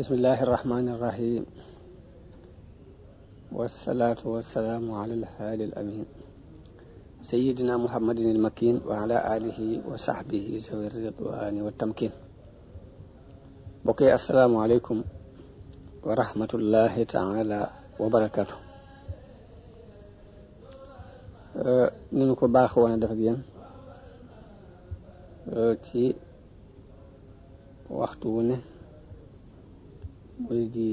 بسم الله الرحمن الرحيم والصلاة والسلام على الهادي الأمين سيدنا محمد المكين وعلى آله وصحبه ذوي الرضوان والتمكين بقي السلام عليكم ورحمة الله تعالى وبركاته نكو باخ وانا داف ген تي waxtu wu ne muy di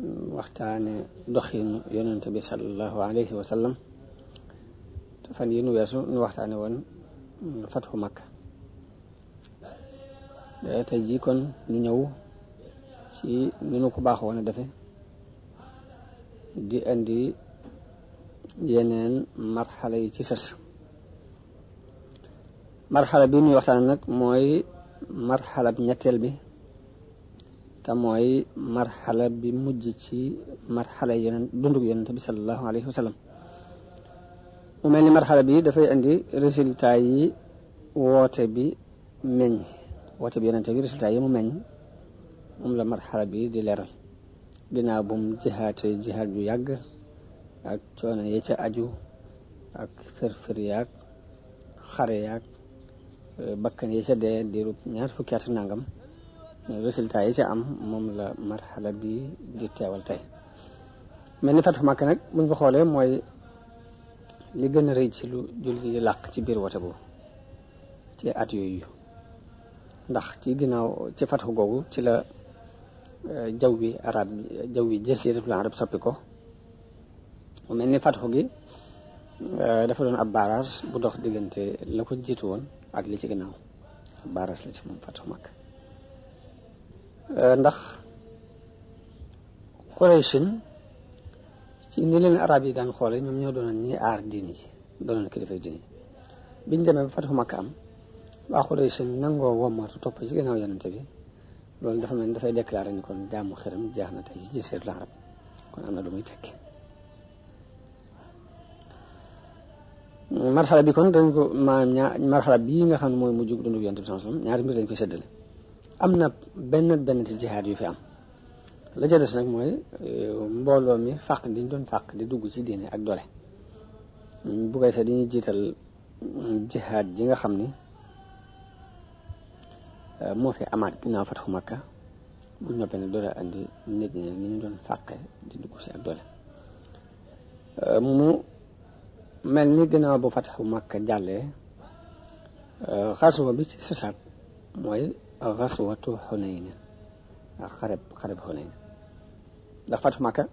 mm, waxtaane doxinu yonent bi sallallahu alayhi wa sallam fan yi nu weesu nu waxtaane woon mm, fatxu Makka tey jii kon ñu ñëw ci ni nu ko baaxoon a defe di andi yeneen marxala yi ci sës marxala bi ñuy waxtaane nag mooy marxala ñetteel bi te mooy marxala bi mujj ci marxala yeneen dundug yonente bi salallahu alayhi wa mu mel ni marxala bi dafay indi résultat yi woote bi meññ woote bi yonente bi résultat yi mu meññ moom la bi di leeral ginnaaw bu mu jihaatee jihaat ju yàgg ak coono yi ca aju ak fër-fër yaag xare bakkan yi ca dee diirub ñaar fukki at nangam résultat yi ci am moom la marxala bi di teewal tey mel ni fatu màkk nag buñ ko xoolee mooy li gën a rëy ci lu jullit yi ci biir wote boobu ci at yooyu ndax ci ginnaaw ci fatu googu ci la jaww bi arab jaww bi jasiratul arab soppi ko mu mel ni fatu gi dafa doon ab barrage bu dox diggante la ko woon ak li ci ginnaaw ab barrage la ci moom fatu màkk Euh, ndax Qurayshin ci ni leen arab yi daan xoole ñoom ñoo doonoon ñi aar diini ji doonoon kilifay diini biñ demee ba fataxu Makka am waa Qurayshin nangoo wommatu topp ci gannaaw yonente bi loolu dafa mel ni dafay déclaré ni kon jaamu xiram jeex na tey ci jëseetu la arab kon am na lu muy tekki marxala bi kon dañ ko maanaam ñaar marxala bii nga xam ne mooy mujj dundu yonente bi sallallahu alayhi wasallam ñaari mbir dañ koy séddale am na benn benn ci jihaad yu fi am la ca des nag mooy euh, mbooloo mi fàq diñ doon fàq di dugg ci diine ak doole bu dañuy jiital euh, jihaad ji nga xam ni euh, moo fi amaat ginnaaw fatxu Makka bu noppee ne doole andi nit ñi ni ñu doon fàqe di dugg ci ak doole mu mel ni ginnaaw bu fatxu Makka jàllee xasuma bi ci sisaat mooy gaswatu xunayn ak xareb xareb xunayn ndax fatu Makka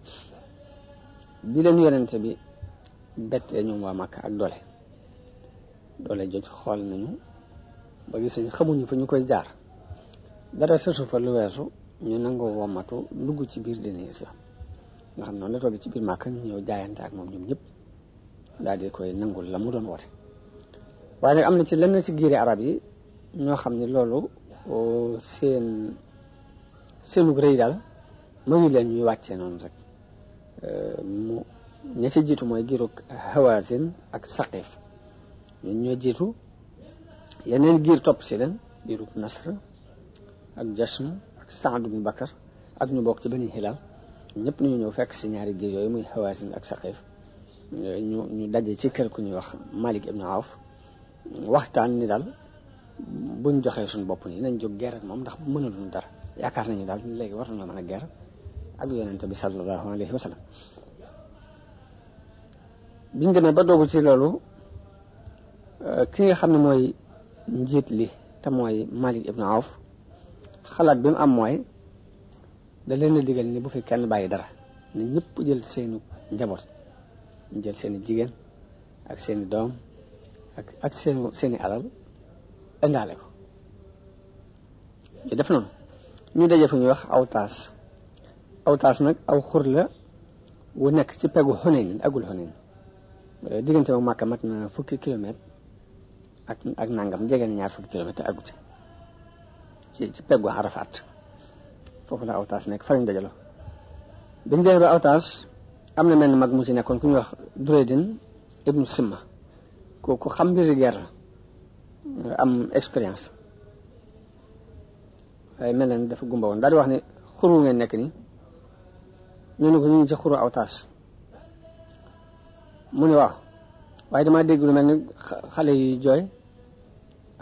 bi leen yonent bi bettee ñoom waa Makka ak dole doole joj xool nañu ba gis nañ xamuñu fa ñu koy jaar dara sësu fa lu weesu ñu nangoo womatu dugg ci biir diine islam nga xam noonu la ci biir Makka ñu ñëw ak moom ñoom ñëpp daal di koy nangul doon woote waaye nag am na ci lenn ci arab yi ñoo xam ne loolu seen seenu rëy daal mayu leen ñuy wàcce noonu rek euh, mu ña jiitu mooy girug hawazin ak saqif ñun ñoo jiitu yeneen giir topp si leen girug nasr ak jashm ak saad ibn bakar ak ñu bokk ci bani hilal ñëpp ñu ñëw fekk si ñaari giir yooyu muy hawazin ak saqif ñu ñu daje ci kër ku ñuy wax malik ibn awf waxtaan ni daal buñ joxee suñu bopp nii nañ jóg guerre moom ndax mënaluñu dara yaakaar nañu daal léegi war nañoo mën a guerre ak yonente bi sallallahu alayhi wa sallam biñ demee ba doogu ci loolu euh, ki nga xam ne mooy njiit li te mooy Malik ibn Awf xalaat bi mu am mooy da leen a digal ni bu fi kenn bàyyi dara ne ñëpp jël seenu njaboot jël seeni jigéen ak seeni doom ak ak seenu seeni alal indaale ko def noonu ñu daje fu ñuy wax aw taas aw taas nag aw xur la wu nekk ci peggu Xunayn agul Xunayn eh, diggante moom Màkka mat na fukki kilomètre ak ak nangam jegeen ñaar fukki kilomètre agu ci ci ci peggu Arafat foofu la aw taas nekk fa lañ dajalo biñ dee ba aw taas am na mel ni mag mu ci nekkoon ku ñuy wax Dureydin ibnu Simma kooku xam mbiri ger la am expérience waaye mel na ni dafa gumba woon daal di wax ne xuru ngeen nekk ni ñu ne ko ñu ngi ci xuru aw taas mu ne waaw waaye damaa dégg lu mel ni xale yi jooy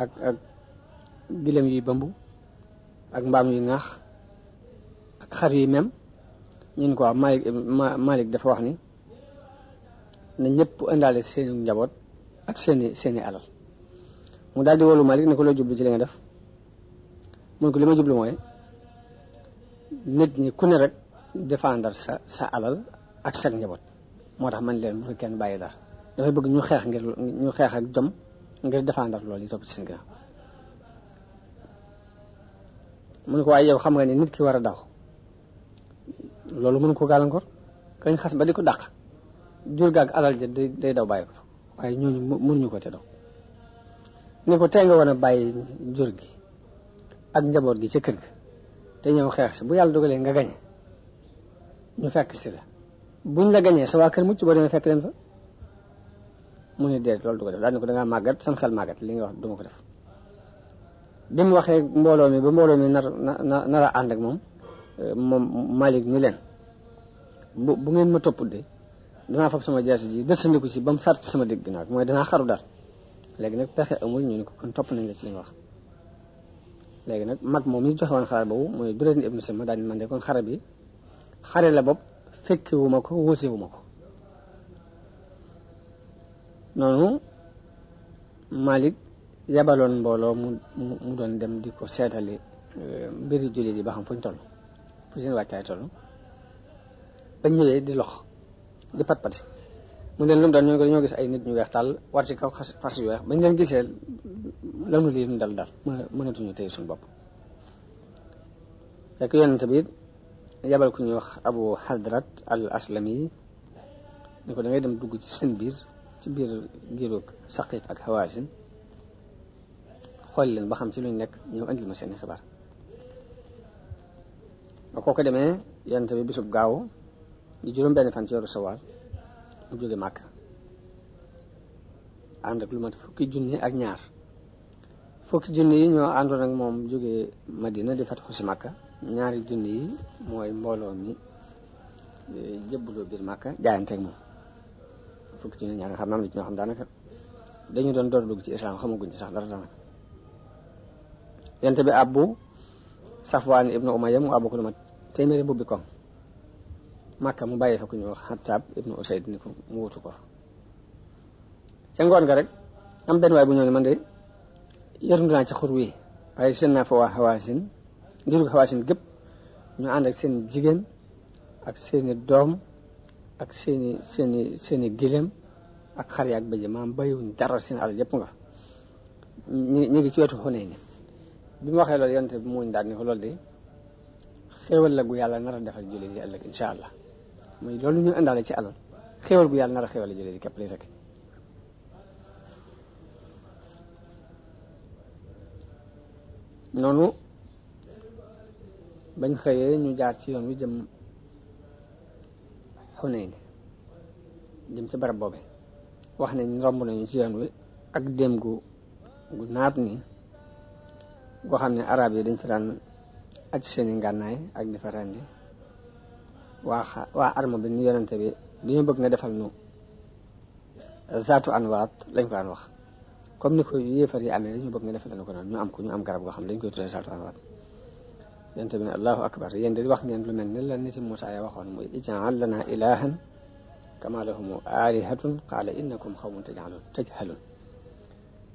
ak ak gilem yuy bëmb ak mbaam yuy ŋaax ak xar yi mem ñu ne ko waaw Malick Malick dafa wax ni na ñëpp indaale seeni njaboot ak seeni seeni alal mu daal di wóolu Malick ne ko loo jublu ci li nga def mun ko li ma jublu mooy nit ñi ku ne rek défendre sa sa alal ak sa njaboot moo tax man leen bu fi kenn bàyyi dara dafay bëgg ñu xeex ngir ñu xeex ak jom ngir défendre loolu yi topp ci mu ne ko yow xam nga ne nit ki war a daw loolu mun ko gàllankoor kañ xas ba di ko daq jur gaag alal ja day daw bàyyi ko fa waaye ñooñu mënuñu ko te daw ni ko tey nga war a bàyyi jur gi ak njaboot gi ca kër ga te ñëw xeex si bu yàlla dogalee nga gañe ñu fekk si la buñ la gañee sa waa kër mucc boo demee fekk leen fa mu ni déet loolu du ko def daal ne ko dangaa màggat sam xel màggat li nga wax du ma ko def bi mu waxee mbooloo mi ba mbooloo mi nar na nar ànd ak moom euh, moom Malick ñu leen bu bu ngeen ma topp de danaa fab sama jaasi ji dësandiku si ba mu sart sama digg ginnaaw mooy danaa xaru dar léegi nag pexe amul ñu ne ko kon topp nañ la ci li wax léegi nag mag moom mi joxe woon xare boobu mooy Durayn ibnu Simma daan man de kon xare bi xare la bopp fekkewu ma ko wóosewu ma ko noonu Malik yebaloon mbooloo mu mu doon dem di ko seetali euh, mbiri jullit yi ba xam fu ñu toll fu seen wàccaay toll ba ñëwee di lox di pat-pati mu leen lu mu dal ñoo dañoo gis ay nit ñu weex tàll war ci kaw fas yu weex bañ leen gisee lanu lii ñu dal dal mënatuñu tey suñu bopp fekk yonent bi yabal ku ñuy wax abu hadrat al aslami ne ko da ngay dem dugg ci seen biir ci biir giiru saqiif ak hawaasin xool leen ba xam ci luñ nekk ñëw andil ma seeni xibaar ba koo ko demee yonent bi bisub gaaw di juróom benn fan ci yoru sawaal mu jóge màkk ànd lu mat fukki junni ak ñaar fukki junni yi ñoo àndoon ak moom jóge Madina di fatxu si ñaari junni yi mooy mbooloo mi e, jëbbuloo biir màkka jaayanteeg moom fukki junni ñaar nga xam na am na ci ñoo xam daanaka dañu doon door dugg ci islam xamaguñ ci sax dara daanaka yente bi abbu Safwaan ibnu Umayya mu abbu ko lu mbubbi koom Makka mu bàyyi fa ku ñu wax Xattaab ibnu Usayd ni ko mu wutu ko ca ngoon nga rek am benn waay bu ñëw ne man de yërëm naa ci xur wi waaye seen naa fa waa Hawaasin njurug Hawaasin gépp ànd ak seen jigéen ak seen i doom ak seen i seen i seen i xar yaak bëjë maam bàyyiwuñ seen àll yëpp nga ñu ngi ci wetu xunee ni bi mu waxee loolu yonte bi muuñ ni ko loolu de xéewal la gu yàlla nar a defal jullit yi ëllëg allah mooy loolu ñu indaale ci alal xéwal gu yàlla nar a xéwal jëlee di képp lay rek noonu bañ xëyee ñu jaar ci yoon wi jëm Xunayn jëm ci barab boobe wax nañ romb nañu ci yoon wi ak dem gu gu naat ni goo xam ne arab yi dañ fi daan aj seeni ngànnaay ak di fa rendi waa waa arme bi ñu yonente bi li ñu bëgg nga defal nu zaatu anwaat lañ ko daan wax comme ni ko yéefar yi amee li ñu bëgg nga defal nu ko noonu ñu am ko ñu am garab goo xam ne dañ koy tuddee zaatu anwaat yonente bi ne allahu akbar yéen di wax ngeen lu mel ni la niti Moussa ya waxoon muy ijaal lana ilahan kama lahumu alihatun qaala innakum xawmun tajhalun tajhalun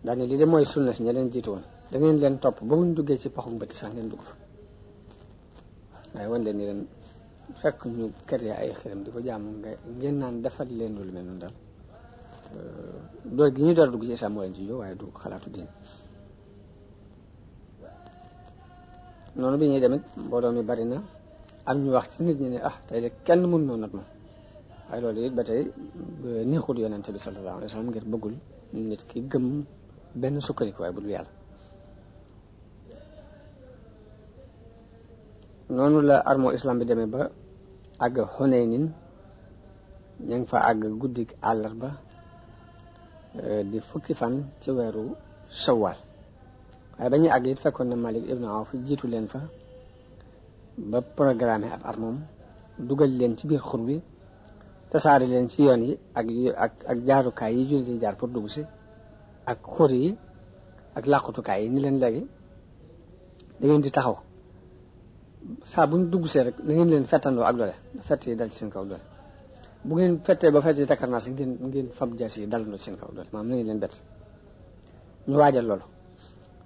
daa ne lii de mooy sunna si ña leen jiitu woon da ngeen leen topp ba buñ duggee ci paxum bët sax ngeen dugg fa waaye wan leen ni leen fekk ñu créé ay xiram di ko jàmm nga ngeen naan defal leen lu mel noonu daal euh, door gi ñuy door dugg ci islam waaye du xalaatu diin noonu bi ñuy demit mbooloo mi bari na am ñu wax ci nit ñi ne ah tey de kenn mën noo ma waaye loolu it ba tey euh, neexul yonente bi sallallahu nit ki gëm benn sukkandiku noonu la armo islam bi demee ba àgg Xunayn ña fa àgg guddik àllarba euh, di fukki fan ci weeru Shawwal waaye ba ñuy àgg it na Malik ibnu Awf jiitu leen fa ba programme ab at moom dugal leen ci biir xur bi tasaare leen ci yoon yi ak ak ak jaarukaay yi jullit yi jaar pour dugg ak xur yi ak làqutukaay yi ni leen léegi da ngeen di taxaw saa bu ñu dugg see rek na ngeen leen fettandoo ak doole fett yi dal ci seen kaw doole bu ngeen fettee ba fett yi takkar naa si ngeen ngeen fab jaas yi dalandoo ci seen kaw doole maanaam na leen bett ñu waajal loolu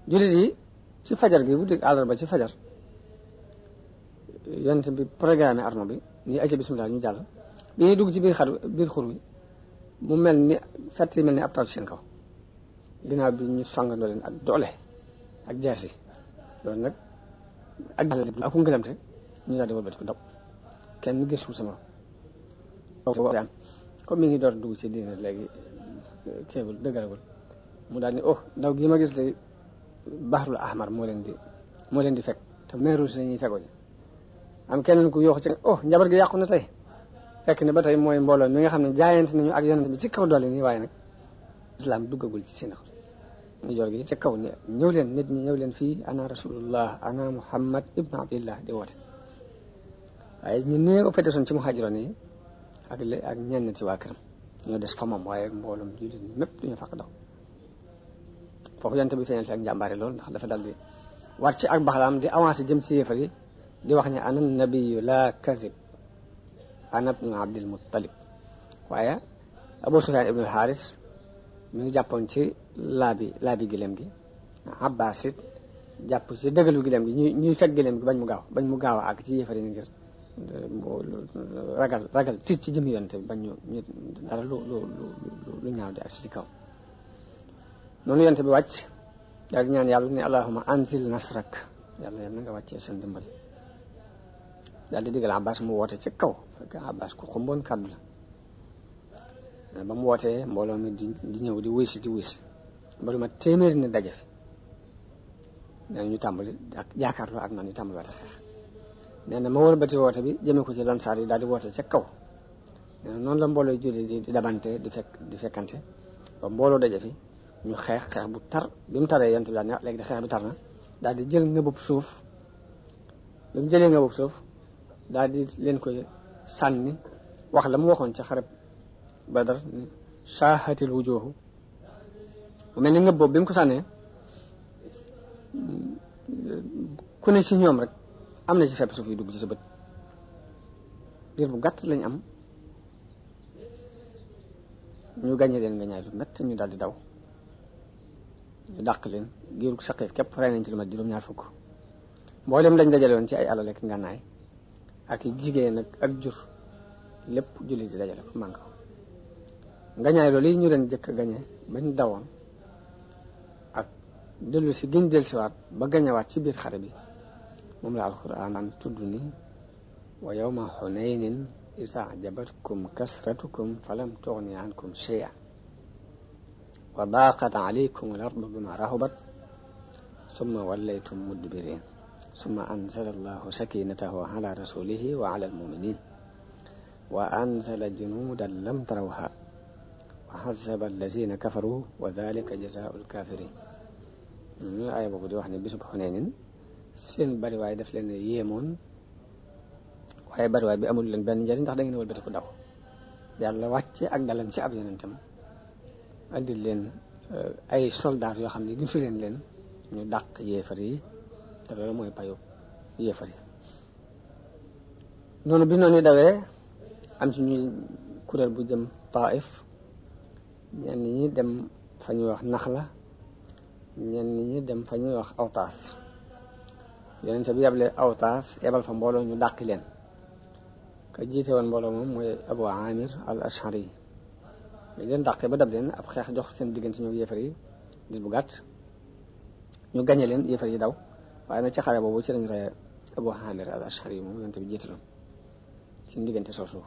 jullit ci fajar gi bu dégg àllarba ci fajar yonent bi programme arme bi ni aca bismillah ñu jàll bi dugg ci biir biir xur wi mu mel ni fett yi mel seen kaw ginnaaw ñu songandoo leen ak doole ak jaas yi loolu ak ak ku ngëlamte ñu daal di wëlbati ko daw kenn gisul sama am comme mi ngi door dugg ci diine léegi kéegul dëgëragul mu daal ni oh daw gi ma gis de baxarul ahmar moo leen di moo leen di fekk te meerul si nañuy fekko ji am keneen ku yoox ci oh njabar gi yàqu na tey fekk ne ba tey mooy mbooloo mi nga xam ne jaayante nañu ak yonent bi ci kaw doole nii waaye nag islam duggagul ci seen ndijoor gi kaw ne ñëw leen nit ñi ñëw leen fii ana rasulullah ana muhammad ibnu abdillah di woote waaye ñu néew fete ci muhaajiroon yi ak lé ak ñenn ci waa këram ñoo des fa moom waaye mboolum jullit ñi mépp duñu fàq daw foofu yonte bi feeñal fi ak njàmbaare loolu ndax dafa dal di war ci ak baxlaam di avancé jëm ci yéefar di wax ne ana nabiyu la kazib ana ibnu abdil muttalib abu sufyaan ibnul xaaris mi ngi jàppoon ci laabi laabi gileem gi abbas it jàpp ci dëgalu gileem gi ñuy ñuy fekk gileem gi bañ mu gaaw bañ mu gaaw a ci yéefari ngir eh, ragal ragal tiit ci jëmi yonte bañ dara lu lu ñaaw di ak si ci kaw noonu yonte bi wàcc daal di ñaan yàlla ne allahuma anzil nasrak yàlla na nga wàccee seen dimbal daal di digal abbas mu woote ci kaw fekk ku xumboon kàddu la ba mu wootee mbooloo mi di di ñëw di wuy si di wuy si ba ma téeméeri ne daje fi ñu tàmbali ak jaakaarloo ak man ñu tàmbali waate xeex nee na ma wër bati woote bi jëme ko ci lansaar yi daal di woote ca kaw nee noonu la mbooloo julli di dabante di fekk di fekkante ba mbooloo dajafi ñu xeex xeex bu tar bi mu taree yonent bi daal ne ah, léegi de xeex bi tar na daal di jël ngëbub suuf bi mu jëlee ngëbub suuf daal di leen koy sànni wax la mu waxoon ci xarab badar saahatil wujuhu mu mel ni nga boobu bi mu ko sànnee ku ne si ñoom rek am na ci fepp suuf yi dugg ci sa bët diir bu gàtt lañ am ñu gàññe leen nga ñaay lu mett ñu daal di daw ñu dàq leen giirug saqiif képp rey nañ ci lu mat juróom-ñaar fukk mboolem lañ dajale woon ci ay alal ak ngànnaay ak jigéen ak ak jur lépp jullit di dajale ko mànk ngañaay loolu yi ñu leen jëkk gañe bañ dawoon ak dellu si giñ dellusiwaat ba gañewaat ci biir xare bi moom la alquran naan tudd ni wa yawma xunaynin is ajabatkum kasratukum falam tugni ankum shay'an wa daaqat alaykum al ardu bima rahubat summa wallaytum mudbirin summa anzala allahu sakinatahu ala rasulihi wa ala almuminin wa anzala junuudan lam tarawha xazab allazina kafaru wa dalika jazaul kafirin ñun aaya boobu di wax ne bisub xoneenin seen bariwaay daf leen yéemoon waaye bariwaay bi amul leen benn njëriñ ndax da ngeen wëlbati ko daw yàlla wàcce ak dalam ci ab yonentam andil leen eh, ay soldaar yoo xam ne gisu leen leen ñu dàq yéefar yi te loolu mooy payu yéefar yi noonu bi noonu dawee am ci ñuy kuréel bu jëm Taif ñenn ñi dem fa ñuy wax Naxla ñenn ñi dem fa ñuy wax Awtaas yonente bi yable Awtaas yebal fa mbooloo ñu dàqi leen ka jiite woon mbooloo moom mooy Abu Amir al Ashari yi leen dàqee ba dab leen ab xeex jox seen diggante ñoom yéefar yi di bu gàtt ñu gañe leen yéefar yi daw waaye nag ci xare boobu ci lañ reye Abu Amir al Ashari yi moom yonente bi jiite loon ci diggante soosu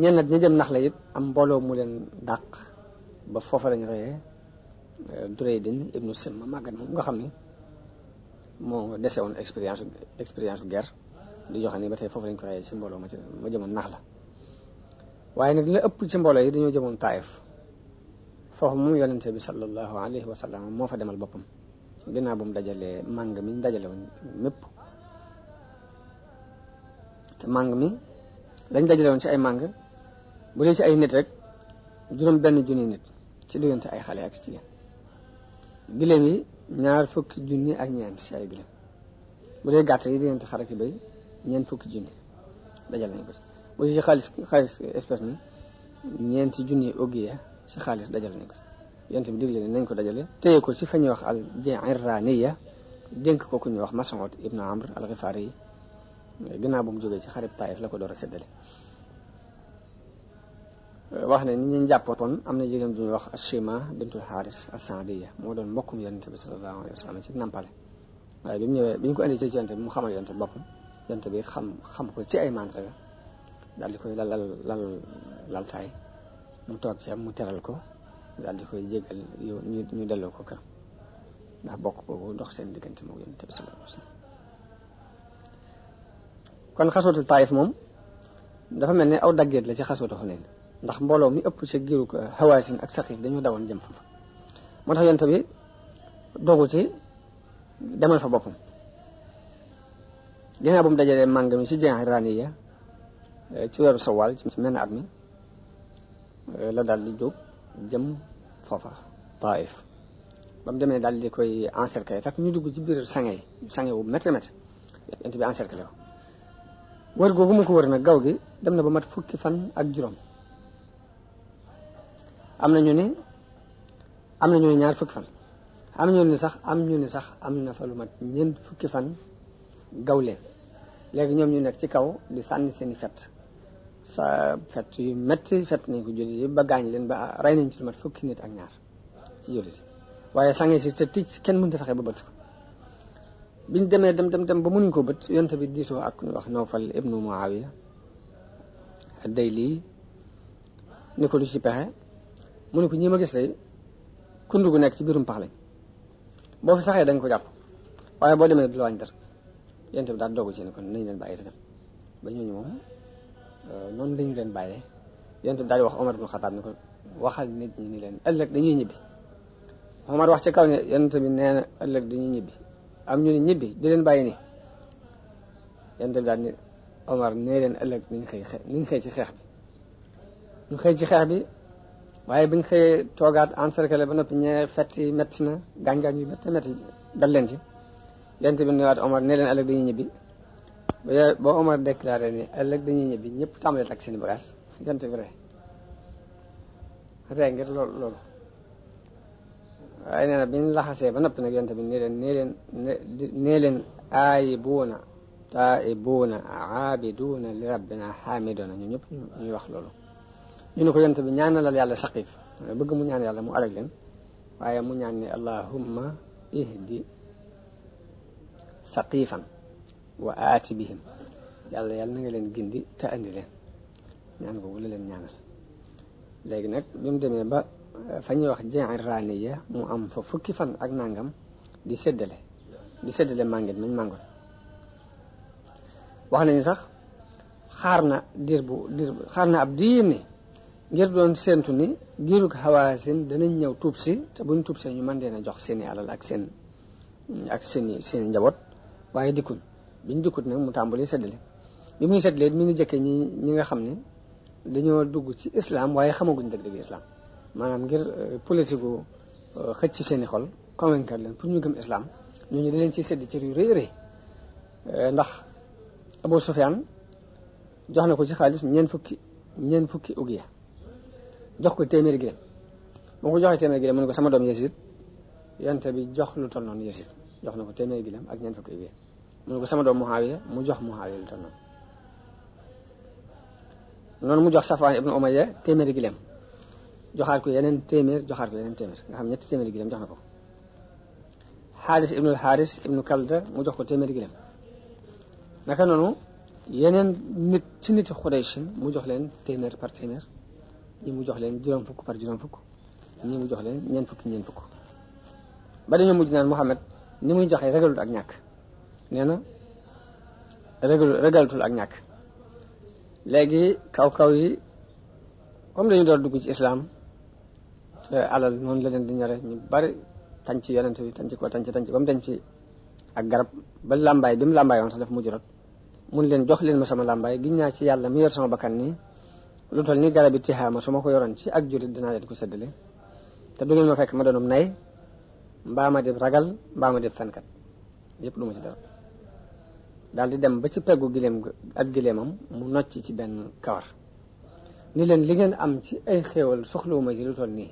ñenn ñi dem nax la it am mbooloo mu leen dàq ba foofa lañ reyee euh, Duraydin ibnu Simma màggat moom nga xam ne moo dese woon expérience expérience guerre di joxe ni ba tey foofu lañ ko reyee ci mbooloo ma ci ma jëmoon nax la waaye nag la ëpp ci mbooloo yi dañoo jëmoon Taayif foofu moom yonente bi sallallahu alayhi wa sallam moo fa demal boppam ginnaaw bu mu dajalee màng mi dajale woon mépp te màng mi lañ dajale woon ci ay màng bu dee ci ay nit rek juróom benn junni nit ci diggante ay xale ak jigéen giléem yi ñaar fukki junni ak ñeent ci ay giléem bu dee gàtt ci diggante xar ak béy ñeent fukki junni dajal nañ ko ci bu dee ci xaalis xaalis espèce ni ñeenti junni ogiya ci xaalis dajal nañ ko ci yonte digle ne nañ ko dajale téye ko ci fa ñuy wax al jiraniya dénk ko ku ñuy wax masangot ibnu amr al xifaari yi ginnaaw bu mu jógee ci xarit Taïf la ko door a séddale wax ni ñu jàppoon am na jigéen bu ñuy wax Ashima bintul Xaaris as-Saadiya moo doon mbokkum yonente bi sallallahu alayhi wa sallam ci nampale waaye bi mu ñëwee ko indi ci yonente bi mu xamal yonente bi boppam yonente bi xam xam ko ci ay mandarga daal di koy lalal lal laltaay mu toog ci mu teral ko daal di koy jéggal ñu delloo ko kër ndax bokk boobu ndox seen diggante moom yonente bi sallallahu kon xasootu taayif moom dafa mel ne aw daggeet la ci xasootu xunayn ndax mbooloo mi ëpp ci giru hawaasin ak saqiif dañoo dawoon jëm fa moo tax yonent ci demal fa boppam ginnaaw bu daje dajalee màng mi ci Jiraani ya eh, ci weeru sawaal ci menn at mi eh, la daal di jóg jëm foofa taayif ba mu demee daal di koy encercler fekk ñu dugg ci biir sange yi sange wu mètre mètre yonent bi encercler ko wër googu mu ko wër nag gaw gi dem na ba mat fukki fan ak juróom am na ñu ni am na ñu ni ñaar fukki fan am ñu ni sax am ñu ni sax am na fa lu mat ñeent fukki fan gaw leen léegi ñoom ñu nekk ci kaw di sànni seeni fet sa fet yu metti fet nañ ko jullit yi ba gaañ leen ba rey nañ ci lu mat fukki nit ak ñaar ci jullit yi waaye sange si te ticc kenn mënta fexe ba bëtt ko biñ demee dem dem dem ba mënuñ ko bët yonte bi diisoo ak wax Nawfal ibnu Muawiya day lii ni ko lu ci pexe mu ne ko ñi ma gis day kund nekk ci biirum pax lañ boo fi saxee dañ ko jàpp waaye boo demee du la wàññi dara yonte bi daal doogu ci ne kon nañ leen bàyyi te dem ba ñu moom euh, noonu lañ leen bàyyee yonte bi daal di wax Omar ibnu Xataab ni ko waxal nit ñi ni leen ëllëg dañuy ñibbi Omar wax ci kaw ne yonte bi nee na ëllëg dañuy ñibbi am ñu ne ñibbi di leen bàyyi ni yonent bi daal ni Omar nee leen ëllëg nañ xëy nañ xëy ci xeex bi ñu xëy ci xeex bi waaye buñ xëyee toogaat encerclé ba noppi ñee fett yi métti na gaañ-gaañ yu métti métti dal leen ci yonent bi newaat Omar nee leen ëllëg dañuy ñibbi ba boo Omar déclaré ni ëllëg dañuy ñibbi ñëpp tàmbalee takk seen bagage yonent bi ree ree ngir loolu waaye nee na bi ñu laxasee ba noppi nag yonte bi nii leen nii leen nii leen aayibuuna taa'ibuuna aabiduuna li rabbina xaamiduuna ñu ñëpp ñuy wax loolu ñu ne ko yonte bi ñaanalal yàlla saqiif bëgg mu ñaan yàlla mu alag leen waaye mu ñaan ne allahumma ihdi saqiifan wa aati bihim yàlla yàlla na nga leen gindi te andi leen ñaan ko wula mu demee fa ñuy wax Jiraniya mu am fa fukki fan ak nangam di séddale di séddale màngit mañ màngoon wax nañu sax xaar na xaar na ab diir ni ngir doon séentu ni giirug Hawaasin danañ ñëw tuub si te buñ tuub see ñu man deen a jox seeni alal ak seen ak seeni seeni njaboot waaye dikkuñ biñ dikkut nag mu tàmbali séddale bi muy séddale mi ngi jëkkee ñi ñi nga xam ni dañoo dugg ci islam waaye xamaguñ dëgg-dëgg islam maanaam ngir euh, politique gu euh, xëcc seen i xol convaincre leen pour ñu gëm islam ñooñu di leen ciy sédd cër yu rëy rëy euh, ndax Abu Sufyaan jox na ko ci xaalis ñeen fukki ñeen fukki ugiya jox ko téeméeri gi dem bu ko ko sama doom Yasid yonte bi jox lu toll noonu Yasid jox na ko téeméeri gi dem ak ñeen fukki ugiya mu ko sama doom Muhaawiya mu jox Muhaawiya lu toll noonu noonu mu jox Safwaan ibnu Umayya téeméeri gi dem joxaat ko yeneen téeméer joxaat ko yeneen téeméer nga xam ñetti téeméeri gilem jox na ko xaaris ibnul xaaris ibnu kalda mu jox ko téeméeri gilem naka noonu yeneen nit ci niti xudaysin mu jox leen téeméer par téeméer ñi mu jox leen juróom fukk par juróom fukk ñi mu jox leen ñeen fukk ñeen fukk ba dañoo mujj naan Muhammad ni muy joxee regalul ak ñàkk nee na regalul ak ñàkk léegi kaw kaw yi comme dañu door dugg ci islam te alal noonu la leen di ñore ñu bari ci yonent bi tànc ko tànc ci ba mu denc ak garab ba làmbaay bi mu làmbaay woon sax daf mujj rot mun leen jox leen ma sama làmbaay giñ naa ci yàlla mi yor sama bakkan nii lu toll nii garab yi tixaama su ma ko yoroon ci ak jurit dinaa ko séddale te du ngeen ma fekk ma doonum nay mbaa ma dib ragal mbaa ma dib fenkat yëpp du ma daal di dem ba ci peggu gileem ak gileemam mu nocc ci benn kawar ni leen li ngeen am ci ay xéewal soxlawuma ci lu toll nii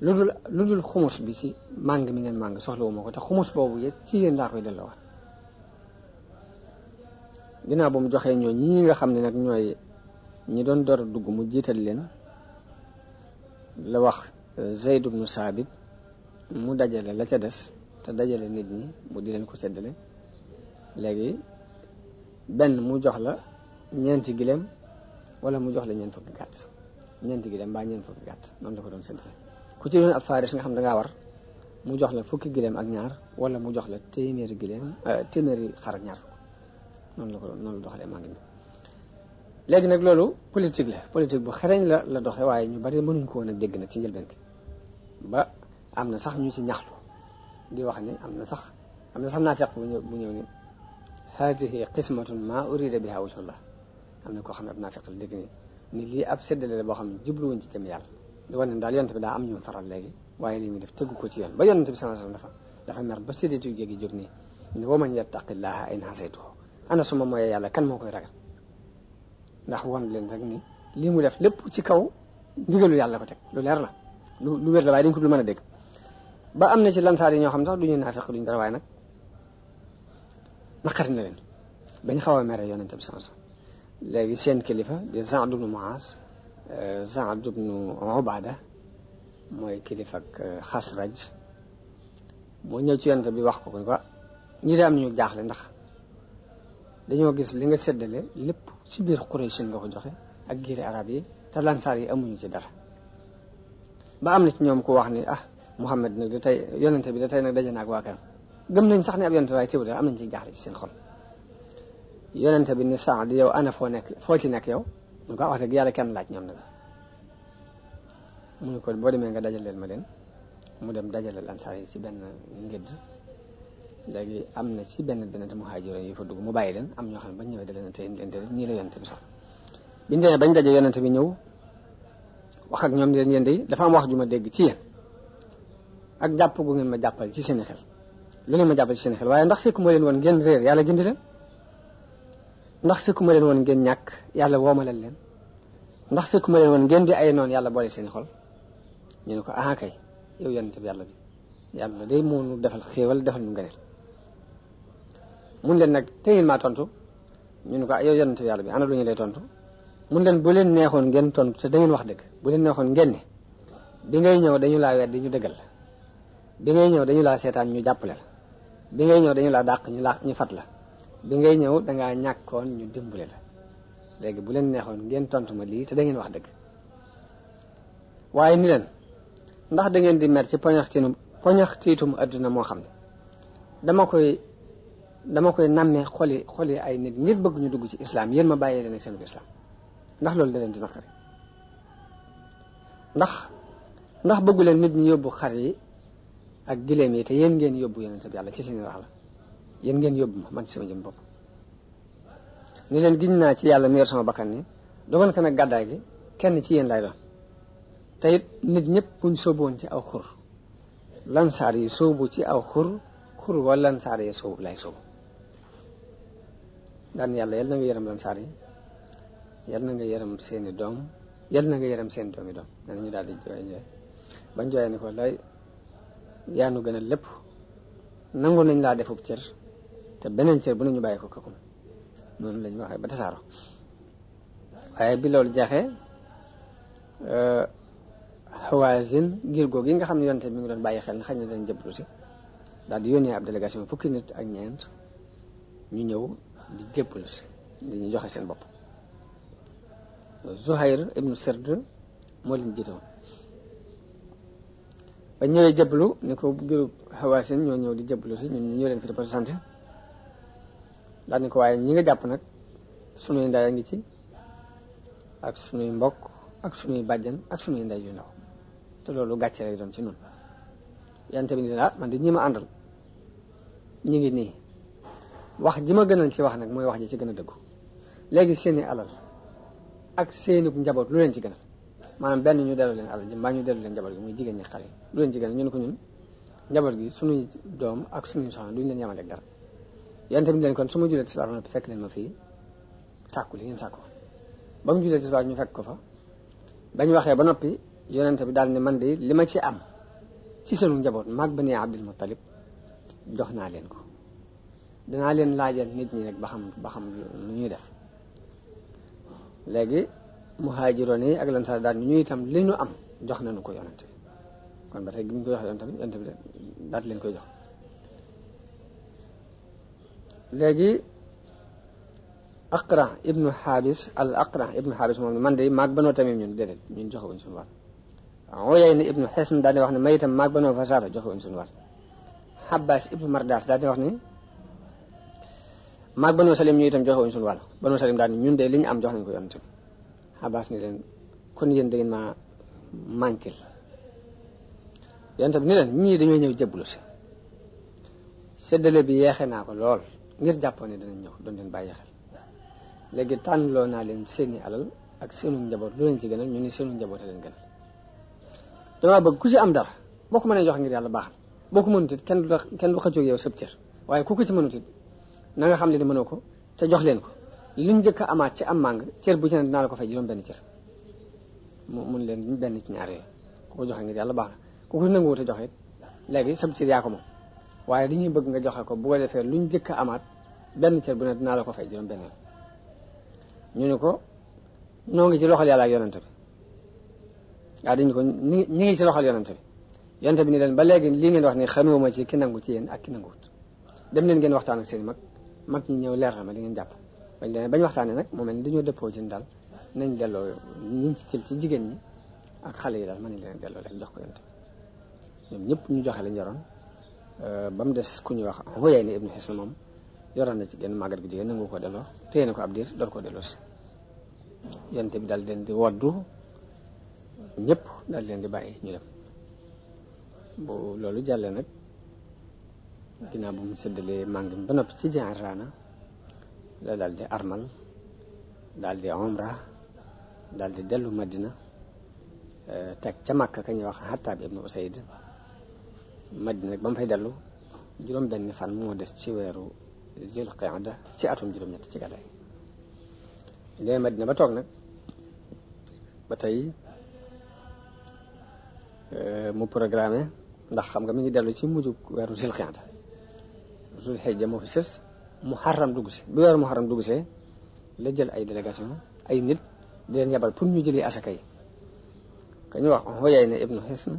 lu dul lu dul xumus bi ci màng mi ngeen màng soxla wu ko te xumus boobu yëpp ci yéen laa koy delloowaat ginnaaw ba mu joxee ñoo ñi nga xam ne nag ñooy ñi doon door dugg mu jiital leen la wax euh, Zayd ibnu Saabit mu dajale la ca des te dajale nit ñi mu di leen ko seddale léegi benn mu jox la ñeenti gileem wala mu jox la ñeent fukki gàtt ñeenti gileem mbaa ñeent fukki gàtt noonu la ko doon seddale ku ci doon ab faaris nga xam da ngaa war mu jox la fukki gileem ak ñaar wala mu jox la téeméeri gileem euh, téeméeri xar ak ñaar fukk noonu la ko noonu la doxalee maa ngi léegi nag loolu politique la politique bu xereñ la la doxe waaye ñu bari mënuñ koo woon a dégg nag ci njëlbeen ba am na sax ñu ci ñaxtu di wax ni am na sax am na sax naa fekk bu ñëw bu ñëw ni haadihi qismatun bi urida biha la am na koo xam ne ab naafiq la ni ni lii ab sedd la boo xam ne jubluwuñ ci jëm yàlla li wane ne daal yonent bi daa am ñu faral léegi waaye li muy def tëggu ko ci yoon ba yonent bi sallallahu alayhi wasallam dafa dafa mer ba sédditu jéegi jóg nii ne waman yattaqillaaha ay nasaytu ana suma mooy yàlla kan moo koy ragal ndax wan leen rek ni lii mu def lépp ci kaw ndigalu yàlla ko teg lu leer na lu lu wér la waaye dañ ko dul mën a dégg ba am na ci lansaar yi ñoo xam sax du ñu naafiq duñu dara waaye nag naqari na leen bañ xaw a mere yonent bi sallallahu alayhi wasallam léegi seen kilifa di Sa'd ibn Mu'aaz Saad ibnu Ubaada mooy kilifa ak euh, Xasraj moo ñëw ci yonent bi wax ko ko ni ko ñi daam ñu jaaxle ndax dañoo gis li nga séddale lépp ci biir Quraysh nga ko joxe ak giiri arab yi te lansaar yi amuñu ci dara ba am na ci ñoom ku wax ni ah Muhammad ni di tey yonent bi da tey nag daje naag waa këram gëm nañ sax ne ab yonent waaye téwdal am nañ ci jaaxle ci seen xol yonent bi ni Saad yow ana foo nekk foo ci nekk yow ñu ko wax dëgg yàlla kenn laaj ñoom nag mu ne ko boo demee nga dajaleel ma leen mu dem dajaleel ansaar yi ci benn ngédd léegi am na ci benn benn muhaajiroon yi fa dugg mu bàyyi leen am ñoo xam ne bañ ñëwee da leen tey leen tey ñii la yonente bi sax biñ demee bañ daje yonente bi ñëw wax ak ñoom ne leen yéen dafa am wax ju ma dégg ci yéen ak jàpp gu ngeen ma jàppal ci seen xel lu ngeen ma jàppal ci seen xel waaye ndax fekk moo leen woon ngeen réer yàlla gindi leen ndax fekkuma leen woon ngeen ñàkk yàlla woomalal leen ndax fekkuma leen woon ngeen di ay noon yàlla boole seen xol ñu ne ko ah kay yow yonent bi yàlla bi yàlla day moonu defal xéewal defal ñu ngëneel mun leen nag tey maa tontu ñu ne ko ah bi yàlla bi lu ñu lay tontu mun leen bu leen neexoon ngeen tontu te da ngeen wax dëgg bu leen neexoon ngeen ne bi ngay ñëw dañu laa weddi ñu dëggal la bi ngay ñëw dañu laa seetaan ñu jàppale la bi ñëw dañu laa dàq ñu la ñu fat la bi ngay ñëw dangaa ñàkkoon ñu dimbale la léegi bu leen neexoon ngeen tontu ma lii te da ngeen wax dëgg waaye ni leen ndax da ngeen di mer ci poñaxtiitum poñaxtiitum adduna moo xam ne dama koy dama koy nammee xoli xoli ay nit ngir bëgg ñu dugg ci islam yéen ma bàyyee leen ak seen islam ndax loolu da leen xar naqari ndax ndax bëggu leen nit ñi yóbbu xar yi ak gileem yi te yéen ngeen yóbbu yonent bi yàlla ci seen wax la yéen ngeen yóbbu ma man ci sama jëm bopp ni leen giñ naa ci yàlla mi yor sama bakkan ni dogal ko nag gàddaay gi kenn ci yéen lay doon te it nit ñëpp buñ sóoboon ci aw xur lansaar yi sóobu ci aw xur xur wala lansaar yi sóobu lay sóobu daan yàlla yal na nga yaram lansaar yi yal na nga yaram seeni doom yal na nga yaram seeni doom yi doom dana ñu daal di jooy jooy bañ jooyee ni ko lay yaanu gën a lépp nangu nañ laa defub cër te beneen cër bu ne ñu bàyyi ko kakum noonu la ñu waxee ba tasaaro waaye bi loolu jeexee euh, Hawazin ngir googu nga xam ne yonte mu ngi doon bàyyi xel ne xëy ne dañ jëblu si daal di yónnee ab délégation fukki nit ak ñeent ñu ñëw di jëblu si dañuy joxe seen bopp Zuhair ibnu Sird moo leen jiite woon ba ñëwee jëblu ni ko ngirub Hawazin ñoo ñëw di jëblu si ñun ñu ñoo leen fi représenté daan ni ko waaye ñi nga jàpp nag sunuy ndey a ngi ci ak sunuy mbok ak sunuy bàjjan ak sunuy ndey yu ndaw te loolu gàcce rek doon ci nun yante bi ni ah man di ñi ma àndal ñi ngi nii wax ji ma gënal ci wax nag mooy wax ji ci gën a dëggu léegi seeni alal ak seeni njaboot lu leen ci gënal maanaam benn ñu delloo leen alal ji ñu delloo leen njaboot gi muy jigéen ñi xale lu leen ci gënal ñu ne ko ñun njaboot gi sunuy doom ak sunuy soxna duñ leen yemale ak dara yonte bi leen kon su ma julee tisbaar noppi fekk leen ma fii sàkku li ngeen sàkku ba mu julee tisbaar ñu fekk ko fa bañ waxee ba noppi yonente bi daal ne man de li ma ci am ci seenu njaboot maag ba nee Abdul Muttalib jox naa leen ko danaa leen laajal nit ñi rek ba xam ba lu ñuy def léegi muhaajiroon yi ak lan lansaar daal nu ñuy itam li ñu am jox nañu ko yonente bi kon ba tey gi ñu ko jox yonente bi yonente bi daal leen koy jox léegi aqra ibnu xaabis al aqra ibnu xaabis moom ne man de maag banoo tamim ñun déedéet ñun joxewuñ suñu wàll oyey ne ibnu xesm daal di wax ne ma itam maag banoo fasara joxewuñ suñu wàll xabaas ibnu mardas daal di wax ne maag banoo salim ñu itam joxewuñ suñu wàll banoo ñun de li ñu am jox nañ ko yonent bi xabaas ni leen kon da ngeen maa manqué yonent bi leen ñii dañoo ñëw jëblu si bi yeexe naa lool ngir jàppoon ne dinañ ñëw doon leen bàyyi xel léegi tànnloo naa leen seeni alal ak seenu njaboot lu leen ci gënal ñu ni seenu njaboot a leen gënal damaa bëgg ku ci am dara boo ko mënee jox ngir yàlla baax na boo ko mënut it kenn kenn du xëccoog yow sëb cër waaye ku ko ci mënut it na nga xam ne ni mënoo ko te jox leen ko luñ njëkk amaat ci am màng cër bu ci ne dinaa la ko fay juróom benn cër mun leen benn ci ñaar yooyu ku ko joxe ngir yàlla baax na ku ko nanguwut a joxe léegi sëb cër yaa ko moom waaye li ñuy bëgg nga joxe ko bu ko defee luñ jëkk amaat benn cër bu ne dinaa la ko fay juróom benn ne ko noo ngi ci loxol yàlla ak yonante bi waaw dañu ko ñi ngi ci loxol yonante bi yonante bi ni leen ba léegi li ngeen wax ni xamewuma ci ki nangu ci yéen ak ki nanguwut dem leen ngeen waxtaan seen mag mag ñi ñëw leer na ma ngeen jàpp bañ leen bañ waxtaanee nag moo mel ni dañoo dëppoo ci daal nañ delloo ñi ci jël ci jigéen ñi ak xale yi daal mën nañ leen jox ko yonante bi ñoom ñëpp ñu joxe lañ yoroon Euh, ba mu des ku ñuy wax xuyay ne ibnu xisn moom yoroon na ci genn màggat gu jigéen nangu ko delloo téye na ko ab diir door ko delloo si yonte bi dal leen di woddu ñépp dal leen di bàyyi ñu dem bu loolu jàllee nag ginnaaw mu séddalee màngim ba noppi ci Ji'irraana la daal di armal daal di umra daal di dellu Madina euh, teg ca Makka ka ñuy wax Xattaab ibnu Usayd Madina nag ba mu fay dellu juróom benn fan moo des ci weeru zil qaada ci atum juróom-ñett ci gàddaay dee Madina ba toog nag ba tey euh, mu programme ndax xam nga mi ngi dellu ci mujj weeru zil qaada zul xijja moo fi muharram dugg si bu weeru muharram dugg see la jël ay délégation ay nit di leen yabal ñu jëli asaka yi ka ñu wax Huyayna ibnu Hisn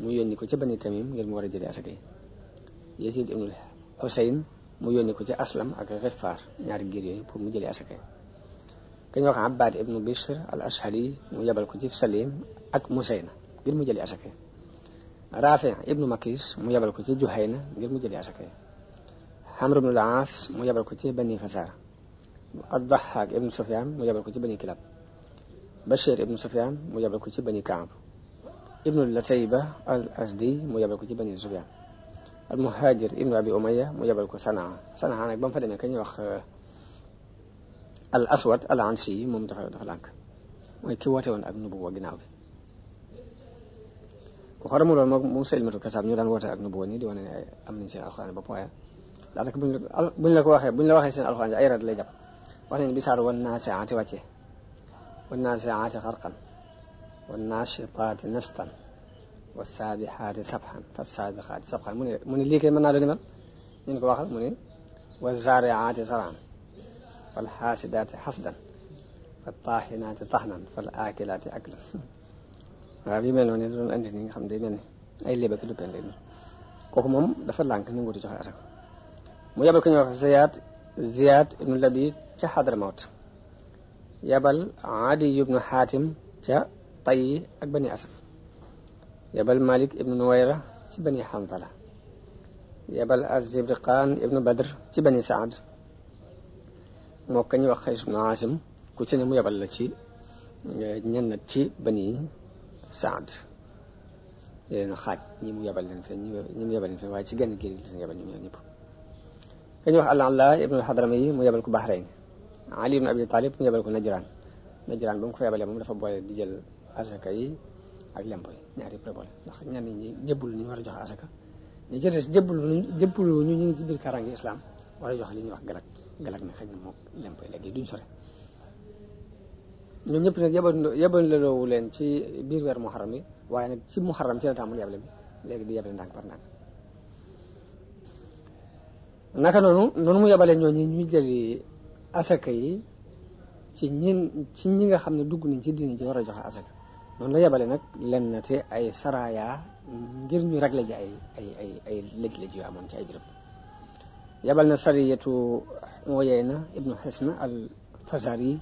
mu yónni ko ca bani tamim ngir mu war a jëlee asaka yi mu yónni ko ci aslam ak Ghifaar ñaari giir pour mu jëlee asaka yi ka ñoo xam Abbad ibnu Bishr al mu yebal ko ci Salim ak Musayna ngir mu jëlee asaka yi Rafi ibnu Makis mu yebal ko ci Juhayna ngir mu jëlee asaka yi Amr ibnul mu yebal ko ci bani Fasaara ad-Dahhaak ibnu mu yebal ko ci bani Kilab Bashir ibnu Sufyaan mu yebal ko ci bani ibnu Latayba al asdi mu yabal ko ci bani Sufyaan al muhajir ibnu abi umaya mu yabal ko sanaa sanaa nag ba mu fa demee kañuy wax euh, al aswad al ansi yi moom dafa dafa lànk mooy ki woote woon ak nubuwa ginnaaw bi ku xaramu loolu moom moom sëlmatu kasaab ñu daan woote ak nubuwa nii di wane ne am nañ seen alxuraan bopp waaye daanaka buñ la buñ la ko waxee buñ la waxee seen ay rad lay jàpp wax nañ bi saar wan naasiaati wàccee wan naasiaati xarqan والناشطات نشطا والسابحات سبحا فالسابقات سبحا mu ne mu ne lii kay mën naa doon mel ñu ko waxal mu ne والزارعات زرعا فالحاسدات حسدا فالطاحنات طحنا فالآكلات أكلا waaw yu mel noonu ne doon andi ni nga xam day mel ni ay léba ki duppeen lay kooku moom dafa lànk nangu di joxe asaka mu yabal ko ñu wax ziyaad ziyaad ibnu labi ca xadramawt yabal adi ibnu xaatim ca tayyi ak bani asad yebal malik ibnu nuwayra ci bani xantala yebal azzibriqaan ibnu badr ci bani saad moo kañ wax xays ibnu aasim ku ci ne mu yebal la ci eh, ñenn ci bani saad leen xaaj ñi mu yebal leen fe ñi mu yebal leen fe waaye ci genn génn leen yebal ñoom ñëpp kañ wax al-Alaa ibnu al-Hadrami yi mu yebal ko Bahrayn Ali ibnu Abi Talib mu yebal ko Najraan Najraan ba mu ko fa yebalee moom dafa boole di jël asaka yi ak lempo yi ñaari problème ndax ñenn ñi ñu war a joxe asaka ñu ci des jëbbul jëbbul ñu ñu ngi ci biir karangi islam war a joxe li ñuy wax galak galak mi xëy na moom lempo yi léegi duñ sore ñoom ñëpp nag yebal yebal laloowu leen ci biir weer muharram yi waaye nag ci muharram ci la tàmbali yebale bi léegi di yebale ndànk par ndànk naka noonu noonu mu ñoo ñu ñuy jëli asaka yi ci ñin ci ñi nga xam ne dugg nañ ci diini ji war a joxe asaka noonu la yebale nag lenn te ay saraya ngir ñu régler ji ay ay ay ay lëj-lëj amoon ci ay béréb yabal na sariyatu Uyayna ibnu Hisn al Fazari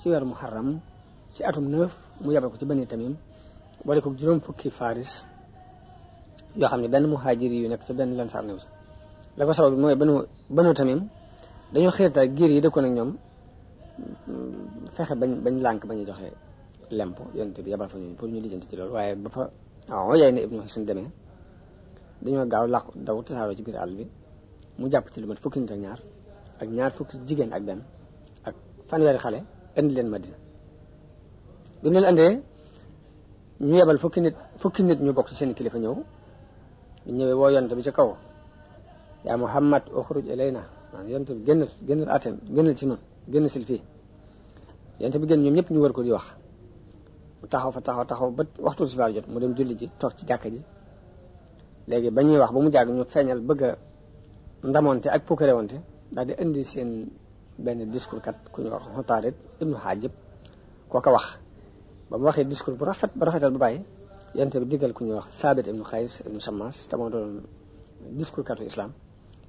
ci weeru Muharram ci atum neuf mu yebal ko ci Bani Tamim boole ko juróom fukki faris yoo xam ne benn muhaajiri yu nekk ci benn lan saar sa la ko sabab bi mooy banu banu Tamim dañoo xeeta giir yi dëkkoon ak ñoom mm, fexe bañ bañ lànk ba ñuy joxe lemp yonent bi yabal fa ñooñu pour ñu lijjanti ci loolu waaye ba fa waaw yaay na ibnu Hasan demee dañoo gaaw làqu daw tasaaroo ci biir àll mu jàpp ci lu mat fukki nit ak ñaar ak ñaar fukki jigéen ak benn ak fanweeri xale indi leen Madina bi mu leen andee ñu yebal fukki nit fukki nit ñu bokk ci seen kilifa ñëw ñu ñëwee woo yonent bi ci kaw yaa Muhammad uxruj ilayna maanaam yonent bi génnal génnal atem génnal ci noonu génn sil fii yonent bi génn ñoom ñëpp ñu war ko di wax mu taxaw fa taxaw taxaw ba waxtu tisbaar jot mu dem julli ji toog ci jàkka ji léegi ba ñuy wax ba mu jàgg ñu feeñal bëgg ndamoonte ak pukkarewante daal di indi seen benn discours kat ku ñu wax xutaarit ibnu xaajib kooka wax ba mu waxee discours bu rafet ba rafetal ba bàyyi yonte bi diggal ku ñuy wax saabit ibnu xays ibnu samaas te moo doon discours katu islam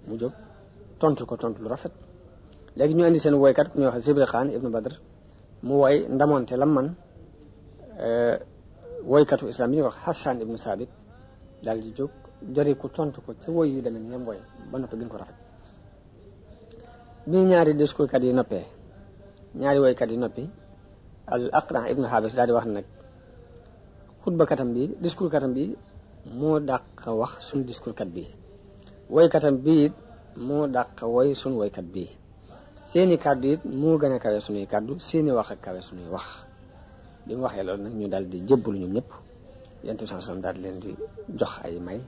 mu jóg tontu ko tontu lu rafet léegi ñu indi seen woykat ku ñuy wax zibri xaan ibnu badr mu woy ndamonte lam man Euh, woykatu islam yi ñuy wax Hassan ibnu Sabit daal di jóg ko tontu ko ci woy yu demee nii yam woy ba noppi gën ko rafet bi ñaari discours kat yi noppee ñaari woykat yi noppi al aqra ibnu habis daal di wax nag xutba katam bi discours katam bi moo dàq wax suñ discours kat bi woykatam bi it moo dàq woy suñ woykat bi seeni kàddu it moo gën a kawe suñuy kàddu seeni wax ak kawe suñuy wax bi mu waxee loolu nag ñu daal di jébbalu ñoom ñëpp yonent bi sallallahu alayhi leen di jox ay may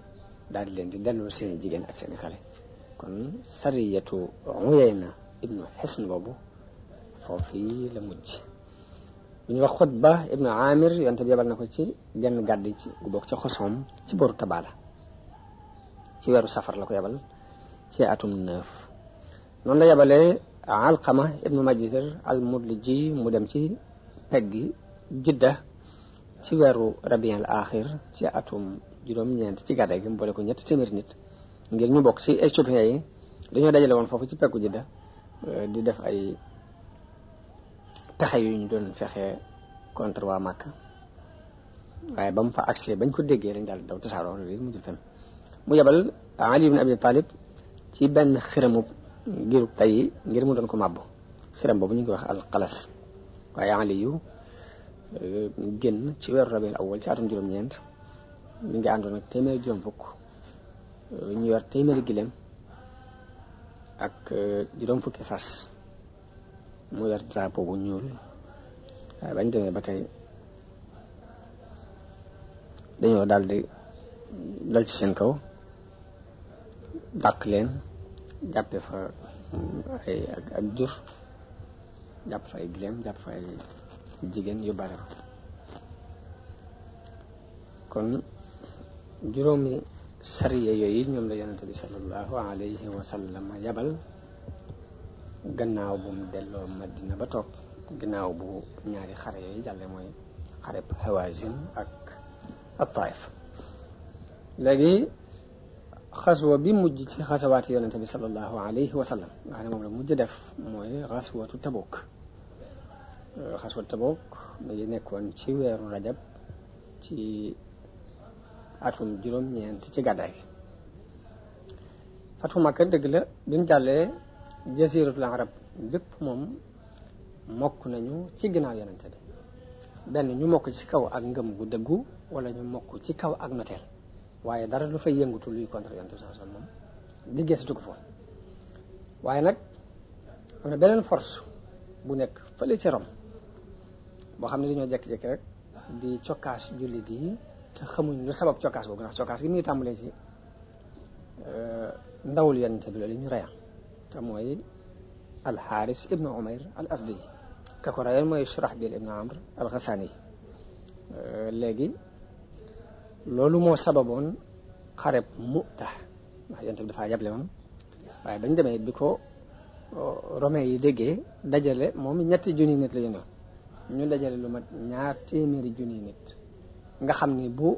daal di leen di delloo seeni jigéen ak seeni xale kon sariyatu Uyayna ibnu Hisn boobu foofii la mujj bu ñuy wax Xutba ibnu Amir yonent bi yebal na ko ci genn gàddi ci gu bokk ci xosoom ci boru Tabaala ci weeru safar la ko yebal ci atum neuf noonu la yebalee Alqama ibnu Majzir al-Mudliji mu dem ci peggi jidda ci weeru rabiul axir ci atum juróom-ñeent ci gàddaay gi mboole ko ñetti téeméer nit ngir ñu bokk ci éthiopien yi dañoo dajale woon foofu ci pekku jidda euh, di def ay pexe yu ñu doon fexe contre waa Màkka waaye ba mu fa accès bañ ko déggee lañ daal daw tasaaroo loolu mu jël fen mu yebal Ali ibn Abi Talib ci benn xiramu ngir tey ngir mu doon ko màbbu xiram boobu ñu ngi wax alxalas waaye Ali génn ci weeru rabiul awwal ci atum juróom-ñeent mi ngi àndoon ak téeméeri juróom fukk ñu yor téeméeri gileem ak eh, juróom fukki fas mu yor drapeau bu ñuul waaye bañ demee ba tey dañoo daal di dal ci seen kaw dàq leen jàppe fa ak jur jàpp fa ay gileem jàpp fa ay jigéen yu bare kon juróomi sariya yooyu ñoom la yonente bi sallallahu alayhi wa sallam yabal gannaaw bu mu delloo madina ba topp gannaaw bu ñaari xare yooyu jàlle mooy xareb hawazin ak ak taif léegi xaswa bi mujj ci xasawaati yonente bi sallallahu alayhi wa sallam nga moom la mujj def mooy xaswatu tabuk xaswa taboog mu ngi nekkoon ci weeru rajab ci atum juróom-ñeent ci gàddaay fatu Makka dëgg la bi mu jàllee jasiratul arab bépp moom mokk nañu ci ginnaaw yonent bi benn ñu mokk ci kaw ak ngëm gu dëggu wala ñu mokk ci kaw ak noteel waaye dara lu fay yëngatu luy contre yonent bi moom di gëstu ko foon waaye nag am beneen force bu nekk fële ci boo xam ne dañoo jekki-jekki rek di cokkaas jullit yi te xamuñ lu sabab cokkaas boobu ndax cokkaas gi mu ngi tàmbalee ci euh, ndawul yonente bi loolu ñu reya te mooy alxaaris ibnu umayr al asdi ka ko euh, loolu moo sababoon xareb muta ndax yonente bi dafaa yable moom waaye bañ demee bi ko euh, romain yi déggee dajale moom ñetti junni nit la ñu dajale lu mat ñaar téeméeri junni nit nga xam ni bu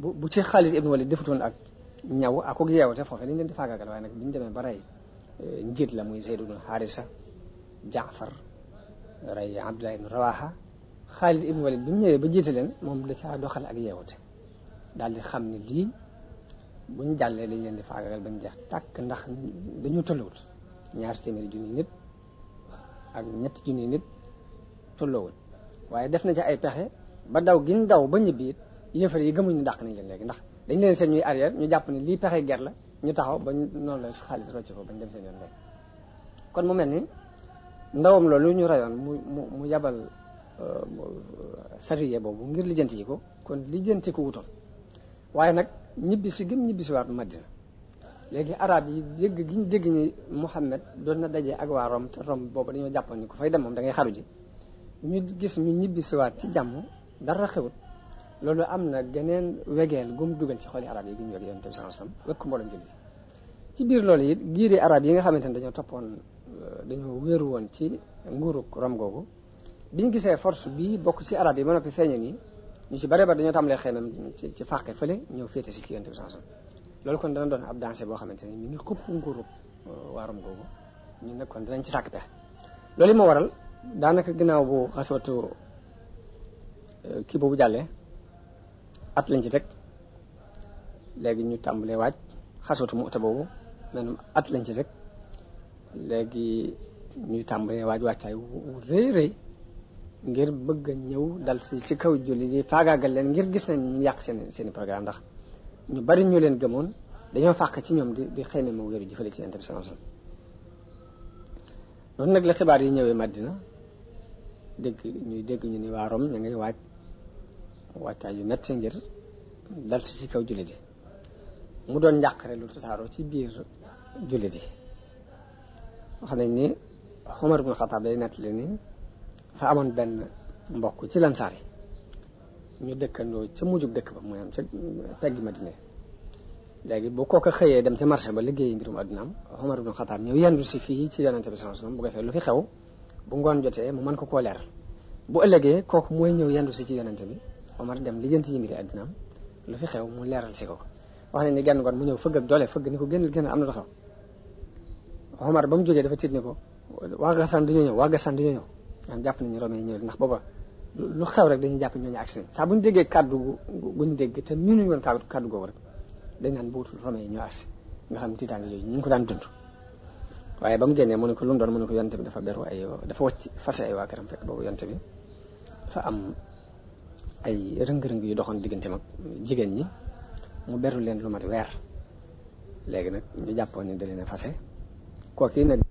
bu bu ci Xaalid ibn Walid defutoon ak ñaw akuk yeewte foofe dañ leen di faagaagal waaye nag biñu demee ba rey eh, la muy Zayd ibn Haarisa Jaafar rey Abdullah ibn Rawaha Xaalid ibn Walid bi mu ñëwee ba jiite leen moom da caa doxal ak yeewte daal di xam ne lii buñ jàllee dañ leen di faagagal bañ jeex tàkk ndax dañu tolluwut ñaar téeméeri junni nit ak ñetti junni nit tolloo woon waaye def na ci ay pexe ba daw gi ñu daw ba ñibbi it yëfar yi gëmuñ ndax dàq nañ leen léegi ndax dañ leen seen ñuy arrière ñu jàpp ni lii pexe ger la ñu taxaw ba noonu la su xaalis rocc ko bañ dem seen yoon léegi kon mu mel ni ndawam loolu ñu rayoon mu mu mu yabal euh, sariye boobu ngir lijjanti yi ko kon lijjanti ko wutoon waaye nag ñibbi si gëm ñibbi si waat Madina léegi arab yi dégg gi ñu dégg ni Muhammad doon na dajee ak waa Rom te Rom boobu dañoo jàppoon ni ku fay dem da ngay xaru ji ñu gis ñu ñibbisiwaat ci jàmm dara xewut loolu am na geneen wegeel gum dugal ci xoli arab yi gi ñu wege yonent bi sallallahu alayhi wasallam wet ko mbooloo julli ci biir loolu it giiri arab yi nga xamante ne dañoo toppoon euh, dañoo wéeru woon ci nguurug Rom googu biñ gisee force bii bokk ci arab yi ba noppi feeñe nii ñu ci bare bare dañoo tam tàmbalee xeemam ci ci fàqe fële ñëw féete si ci yonent bi sallallahu alayhi loolu kon dana doon ab dansé boo xamante ne ñu ngi xupp nguurug euh, waa Rom googu ñu nag kon dinañ ci sàkk pexe loolu moo waral daanaka ginnaaw bu xaswatu euh, kii boobu jàllee at lañ ci teg léegi ñu tàmbalee waaj xaswatu mu ota boobu maanaam at lañ ci rek léegi ñuy tàmbalee waaj waajtaay wu rëy rëy ngir bëgg a ñëw dal si si kaw julli di faagaagal leen ngir gis nañ ñu yàq seen seen programme ndax ñu bari ñu leen gëmoon dañoo fàq ci ñoom di di xëy na moo wéru jëfale ci yonent bi sallallahu alayhi wasallam la xibaar yi ñëwee màddina dégg ñuy dégg ñu ni waa Rome ñu ngay waaj waajtaay yu métti ngir dal si ci kaw jullit yi mu doon njàqare lu tasaaroo ci biir jullit yi wax nañ ni Umar ibn Xattaab day nettali ni fa amoon benn mbokk ci lansaar yi ñu dëkkandoo ca mujjug dëkk ba mooy am ca pegg Madina léegi bu kooka xëyee dem ca marché ba liggéeyi mbirum addunaam Umar ibn Xattaab ñëw yendu si fii ci yonente bi sallallahu alayhi wasallam bu ko fee lu fi xew bu ngoon jotee mu man ko koo leeral bu ëllëgee kooku mooy ñëw yendu si ci yonente bi Omar dem lijjanti yi mbiri addinaam lu fi xew mu leeral si ko wax ne ni genn ngoon mu ñëw fëgg ak doole fëgg ni ko génn génn am na taxaw Omar ba mu jógee dafa tiit ni ko waa Gassan dañoo ñëw waa Gassan dañoo ñëw am jàpp nañu Romain ñëw ndax booba lu xew rek dañuy jàpp ñooñu agsi nañ saa ñu déggee kàddu gu ñu dégg te miinuñu woon kàddu googu rek dañ naan bu wutul Romain ñoo agsi nga xam tiitaange yooyu ñu ngi ko daan dund waaye ba mu génnee mu ne ko lu mu doon ko yonte bi dafa beru ay dafa wacc fase ay waa këram fekk boobu yonte bi dafa am ay rëng-rëng yu doxoon diggante mag jigéen ñi mu beru leen lu mat weer léegi nag ñu jàppoon ni da leen a fase nag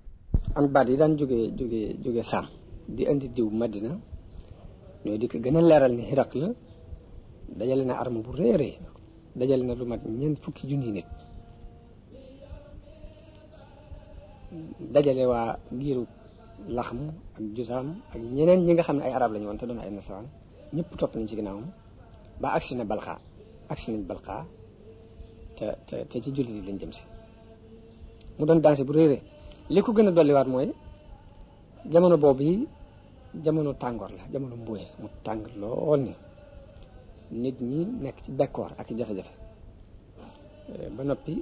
am yi daan jógee jógee jógee saam di indi diw madina ñooy dikk gën a leeral ni xiraq la dajale na arme bu réeree dajale na lu mat ñeent fukki junni nit dajale waa ngiru laxm ak jusaam ak ñeneen ñi nga xam ne ay arab la ñu doon ay nasaraan ñëpp topp nañ ci ginnaawam ba agsi na balxaa agsi nañ balxaa te te ci jullit yi lañ jëm si mu doon dansé bu réeré li ko gën a dolliwaat mooy jamono boobu yi jamono tàngoor la jamono mbuye mu tàng lool ni nit ñi nekk ci bekkoor ak jafe-jafe ba noppi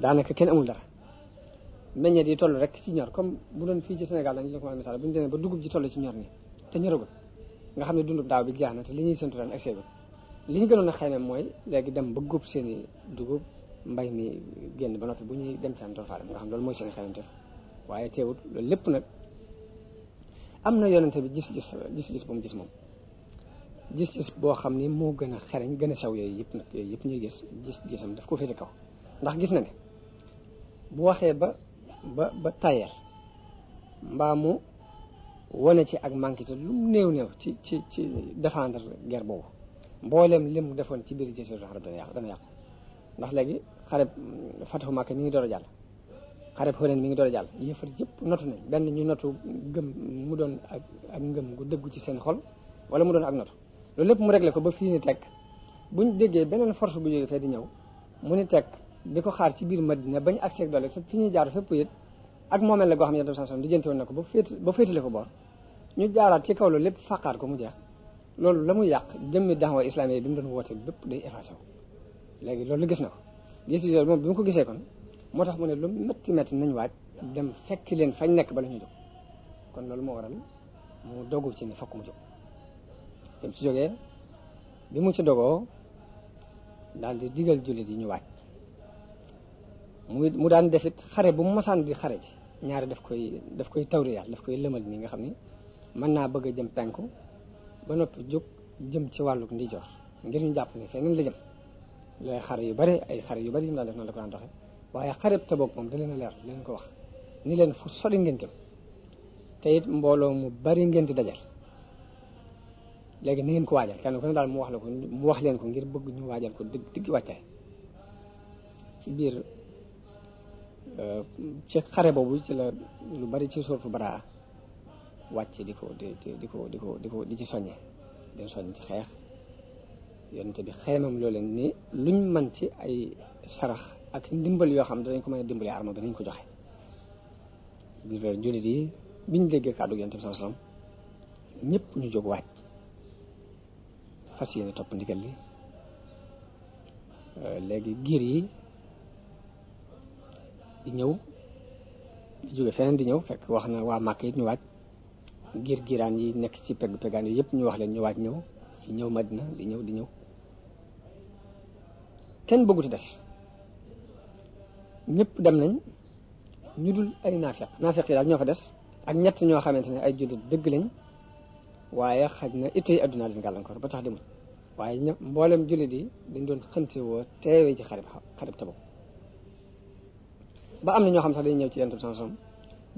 daanaka kenn amul dara meññeet yi toll rek ci ñor comme bu doon fii ci Sénégal dañu la ko mën a misaal bu ñu demee ba dugub ji toll ci ñor nii te ñoragul nga xam ne dundub daaw bi jeex na te li ñuy séntu ren excès bi li ñu gënoon a mooy léegi dem ba góob seen i dugub mbay mi génn ba noppi bu ñuy dem fenn doon faa dem mooy seen i xayma waaye teewut loolu lépp nag am na yonente bi gis-gis gis-gis bu mu moom gis boo xam ni moo gën a xereñ gën a sew yooyu yëpp nag yooyu yëpp ñuy gis gis am daf ko féete kaw ndax gis na ne bu waxee ba ba ba tayal mbaa mu wane ci ak manqué lu mu néew néew ci ci ci défendre guerre boobu mboolem li mu defoon ci biir jésur arab dana yàqu dana yàqu ndax léegi xareb fatahu Makka mi ngi door a jàll xareb Hunayn mi ngi door a jàll yëfar yëpp notu nañ benn ñu notu gëm mu doon ak ak ngëm gu dëggu ci seen xol wala mu doon ak notu loolu lépp mu réglé ko ba fii ni tekk buñ déggee beneen force bu jógee fee di ñëw mu ni tekk di ko xaar ci biir Madina bañ accès ak doole fi ñuy jaar fépp it ak moomeel la goo xam ne yeneen station lijjanti woon na ko ba féet ba féetale ko boor ñu jaaraat ci kaw loolu lépp faqaar ko mu jeex loolu la mu yàq jëmmi daxawa islam yi bi mu doon woote bépp day effacé wu léegi loolu gis na ko gis loolu ko gisee kon moo tax mu ne lu métti métti nañ waaj dem fekk leen fañ nekk bala ñu jóg kon loolu moo waral mu dogu ci ne fokk mu jóg dem ci jógee bi mu ci dogoo daal di digal jullit yi ñu waaj muy mu daan def it xare bu mu mosaan di xare ji ñaari daf koy daf koy tawriyaat daf koy lëmal nii nga xam ni mën naa bëgg a jëm penku ba noppi jóg jëm ci wàllu ndijoor ngir ñu jàpp ni feneen xare yu bari ay xare yu bari yi mu daan def noonu la ko daan doxee waaye xareb Tabuk moom da leen leer leen ko wax ni leen fu sori ngeen jëm te mbooloo mu bari ngeen di dajal léegi ni ngeen ko waajal kenn ku ne daal mu wax la ko mu wax leen ko ngir bëgg ñu waajal ko digg digg wàccaay ci biir Euh, ci xare boobu ci la lu bari ci surtu baraa wàcc di ko di ko di ko di di ci soññe den soññ ci xeex yonente bi xeemam loo leen ni luñ man ci ay sarax ak ndimbal yoo xam danañ ko mën a dimbali arma bi nañ ko joxe biir loolu yi biñ déggee kàddu yonente bi sallallahu alayhi wasallam ñëpp ñu jóg wàcc fas yéene topp ndigal li euh, léegi giir yi di ñëw di jóge feneen di ñëw fekk wax na waa màkk it ñu waaj giir giiraan yi nekk ci pegg peggaan yi yëpp ñu wax leen ñu waaj ñëw ñëw madina di ñëw di ñëw kenn bëgguti des ñëpp dem nañ ñu dul ay naafeq naafeq yi daal ñoo fa des ak ñett ñoo xamante ne ay jullit dëgg lañ waaye xaj na it yi àdduna leen gàllankoor ba tax demul waaye ñëpp mboolem jullit yi dañ doon xëntewoo teewee ci xarib xarib Tabuk ba am na ñoo xam sax dañuy ñoo ci yonent bi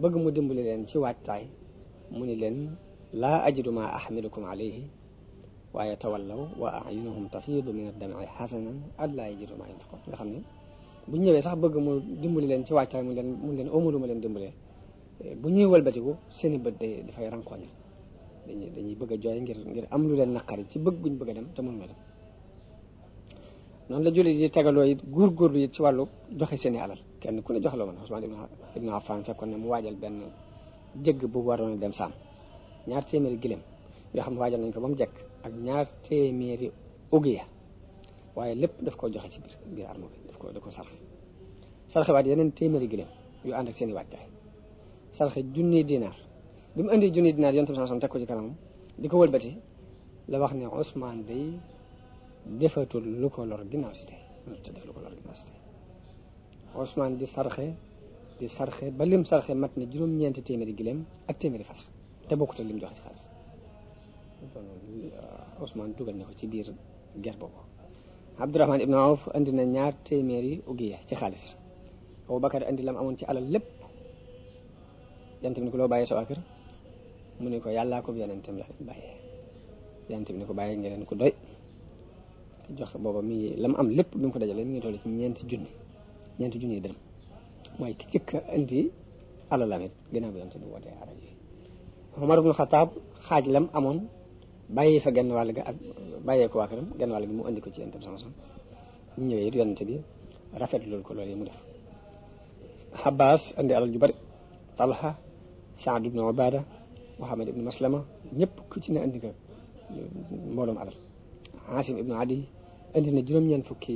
bëgg mu dimbali leen ci waajtaay mu ni leen laa ajidu maa ahmilukum alayhi waaye tawallaw wa ayunuhum tafiidu min ad-dam'i hasanan allaa yajidu maa yunfiqun nga xam ne bu ñu ñëwee sax bëgg mu dimbali leen ci waajtaay mu leen leen óomalu ma leen dimbalee bu ñuy wëlbatiku seen i bët day dafay rankoñe dañuy dañuy bëgg a jooy ngir am lu leen naqari ci bëgg guñ bëgg a dem te mënuñu dem noonu la jullit yi tegaloo it góorgóorlu it ci wàllu doxi seen i alal kenn ku ne jox la woon Usmaan ibn Affan fekkoon ne mu waajal benn jëgg bu waroon dem saam ñaar téeméeri gilem yoo xam ne nañ ko ba mu jekk ak ñaar téeméeri ugiya waaye lépp daf koo joxe ci biir biir arme bi daf ko da ko sarxe yeneen téeméeri gilem yu ànd ak seen i waajtaay sarxe junni dinaar bi mu indi junni dinaar yonent bi sallallahu alayhi teg ko ci kanamam di ko wëlbati la wax ne Usmaan day defatul lu ko lor ginnaaw Ousmane di sarxe di sarxe ba lim sarxe mat na juróom-ñeenti téeméeri gileem ak téeméeri fas te bokkut ak lim joxe ci xaalis euh, Ousmane dugal na ko ci biir ger boobu Abdourahman ibn Awf andi na ñaar téeméeri ugiya ci xaalis Aboubacar andi lam amoon ci alal lépp jant bi ni ko loo bàyyee sa waa mu ne ko yàllaa ko yonentam la bàyyee jant bi ni ko bàyyee ngeen ko doy jox booba mi lam am lépp bi mu ko dajalee mi ngi toll ci ñeenti junni ñeenti junniy dërëm mooy ki jëkk a indi alalam it gannaaw bi yonte bi wootee arab yi Umar ibn Xataab xaaj lam amoon bàyyi fa genn wàll ga ak bàyyee ko waa këram genn wàll gi mu indi ko ci yonte bi sama ñu ñëwee it yonente bi rafet loolu ko loolu yi mu def Abbas indi alal ju bari Talha Saad ibn Ubaada Muhammad ibn Maslama ñëpp ku ci ne indi nga mbooloom alal Asim ibn Adi indi na juróom-ñeent fukki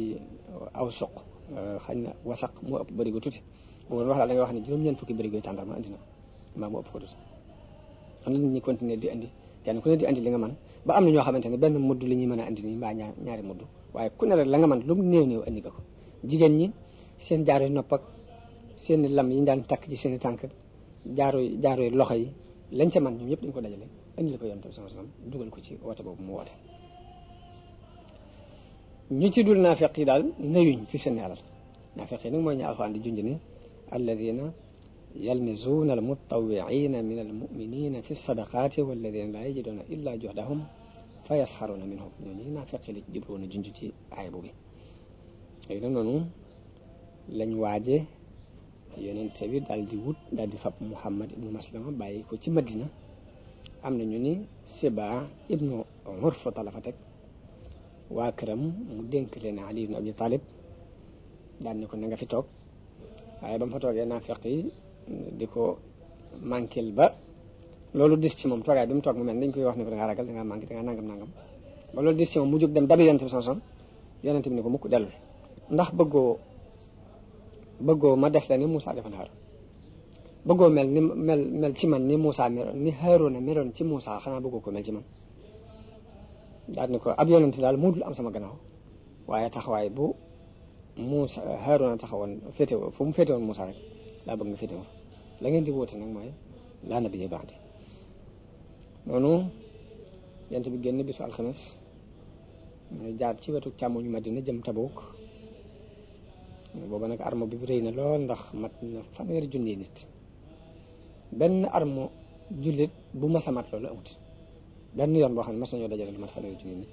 aw soq Euh, xañ na wasaq moo ëpp bërigo tuuti bu doon wax daal da nga wax ne juróom-ñeent fukki bërigo tàndarma andi na mbaa moo ëpp am na nit ñi continuer di kenn ku ne di andi nga mën ba am na ñoo xamante ne benn mudd li ñuy mën a andi nii mbaa ñaari mudd waaye ku ne rek la nga mën lu mu néew néew ko jigéen ñi seen jaaro nopp ak seen lam yi ñu daan takk ci seen i tànk jaaro jaaro loxo yi lañ ca man ñoom ñëpp dañ ko dajale andi la ko yonent bi sallallahu alayhi dugal ko ci woote boobu mu woote ñu ci dul naafeq yi daal nayuñ ci seen alal naafeq yi mooy ñu alxuraan di junj ni alladina yalmizuuna almutawiina min almuminina fi sadaqaati walladina laa yajiduuna illa juhdahum fa yasxaruuna minhum ñooñu naafeq yi la a junj ci aay bu bi léegi nag noonu lañ waaje yeneen bi daal di wut daal di fab Muhammad ibnu Maslama bàyyi ko ci Madina am na ñu ni Siba ibnu Urfuta la fa waa këram mu dénk leen Ali ibn Abi Talib daan ni ko na nga fi toog waaye ba mu fa toogee naafeq yi di ko manquel ba loolu dis ci moom toogaay bi mu toog mu mel dañ koy wax ne ko da ngaa ragal da ngaa manqué da ngaa mu jóg dem dabi yonent bi sanson yonent bi ne ko mukk dellu ndax bëggoo bëggoo ma def la ni Moussa defoon Haroun bëggoo mel ni mel ci man ni Moussa meroon ni Haroun meroon ci Moussa xanaa bëggoo ko mel ci man daal ni ko ab yonent daal moo dul am sama gannaaw waaye taxawaay bu Muusa Haaruna taxawoon féete fu mu féete woon Muusa rek laa bëgg nga féete woon la ngeen di woote nag mooy laa nabiyya ba'di noonu yent bi génn bisu alxames mu jaar ci wetu càmmoñu Madina jëm Tabuk booba nag armo bi rëy na lool ndax mat na fanweeri junni nit benn armo jullit bu mas a mat loolu amut benn yoon boo xam ne mas nañoo dajale lu mat fanweeri junni nit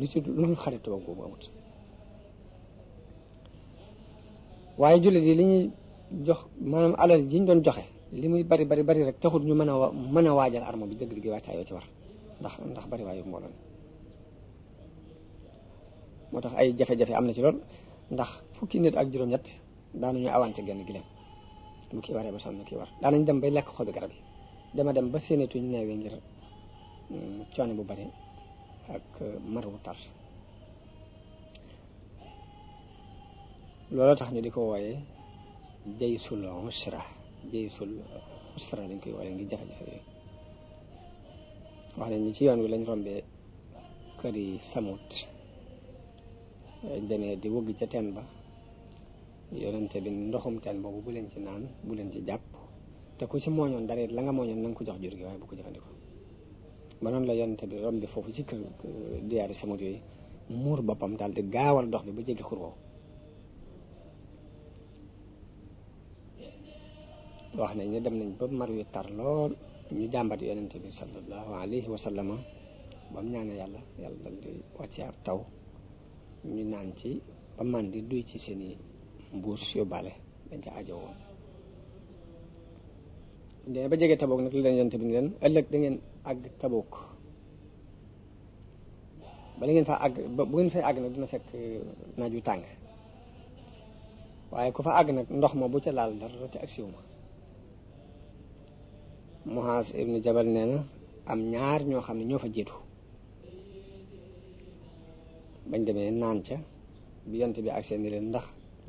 lu ci lu xarit tubaab boobu amut waaye jullit yi li ñuy jox maanaam alal ji ñu doon joxe li muy bari bari bari rek taxul ñu mën a mën a waajal arme bi dëgg-dëgg waajtaay yoo ci war ndax ndax bari waayu mbooloo moo tax ay jafe-jafe am na ci lool ndax fukki nit ak juróom-ñett daanañu awante genn gileem mu kii waree ba sonn mu kii war daanañ dem bay lekk xobi garab yi dama dem ba séenatuñu neewee ngir coono bu bare ak euh, mar bu tar looloo tax ñu di ko wooye jaysul usra jaysul usra lañ koy wooye ngir jafe-jafe yooyu wax nañ ñi ci yoon wi lañ rombee kër yi samut demee di wëgg ca teen ba yonente bi ndoxum teen boobu bu leen ci naan bu leen ci jàpp te ku ci mooñoon dara it la nga mooñoon na nga ko jox jur gi waaye bu ko jëfandikoo ba noonu la yonent bi rombi foofu ci kër euh, diyaaru samut yooyu muur boppam daal di gaawal dox bi ba jéggi xur woowu nañ ne dem nañ ba mar yu tar lool ñu jàmbat yonent bi sallallahu alayhi wa sallam ba yàlla yàlla dal di wàcce taw ñu naan ci ba man di duy ci seen i mbuus yóbbaale dañ ca ajo woon de ba jege taboog nag la leen yonent bi ni ëllëg da àgg Tabuk bala ngeen fa àgg bu ngeen fay àgg nag dina fekk euh, naaj wu tàng waaye ku fa àgg nag ndox ma bu ca laal dara ci ak siw ma Muaz ibn Jabal nee na am ñaar ñoo xam ne ñoo fa jiitu bañ demee naan ca bi yont bi ak seen ni leen ndax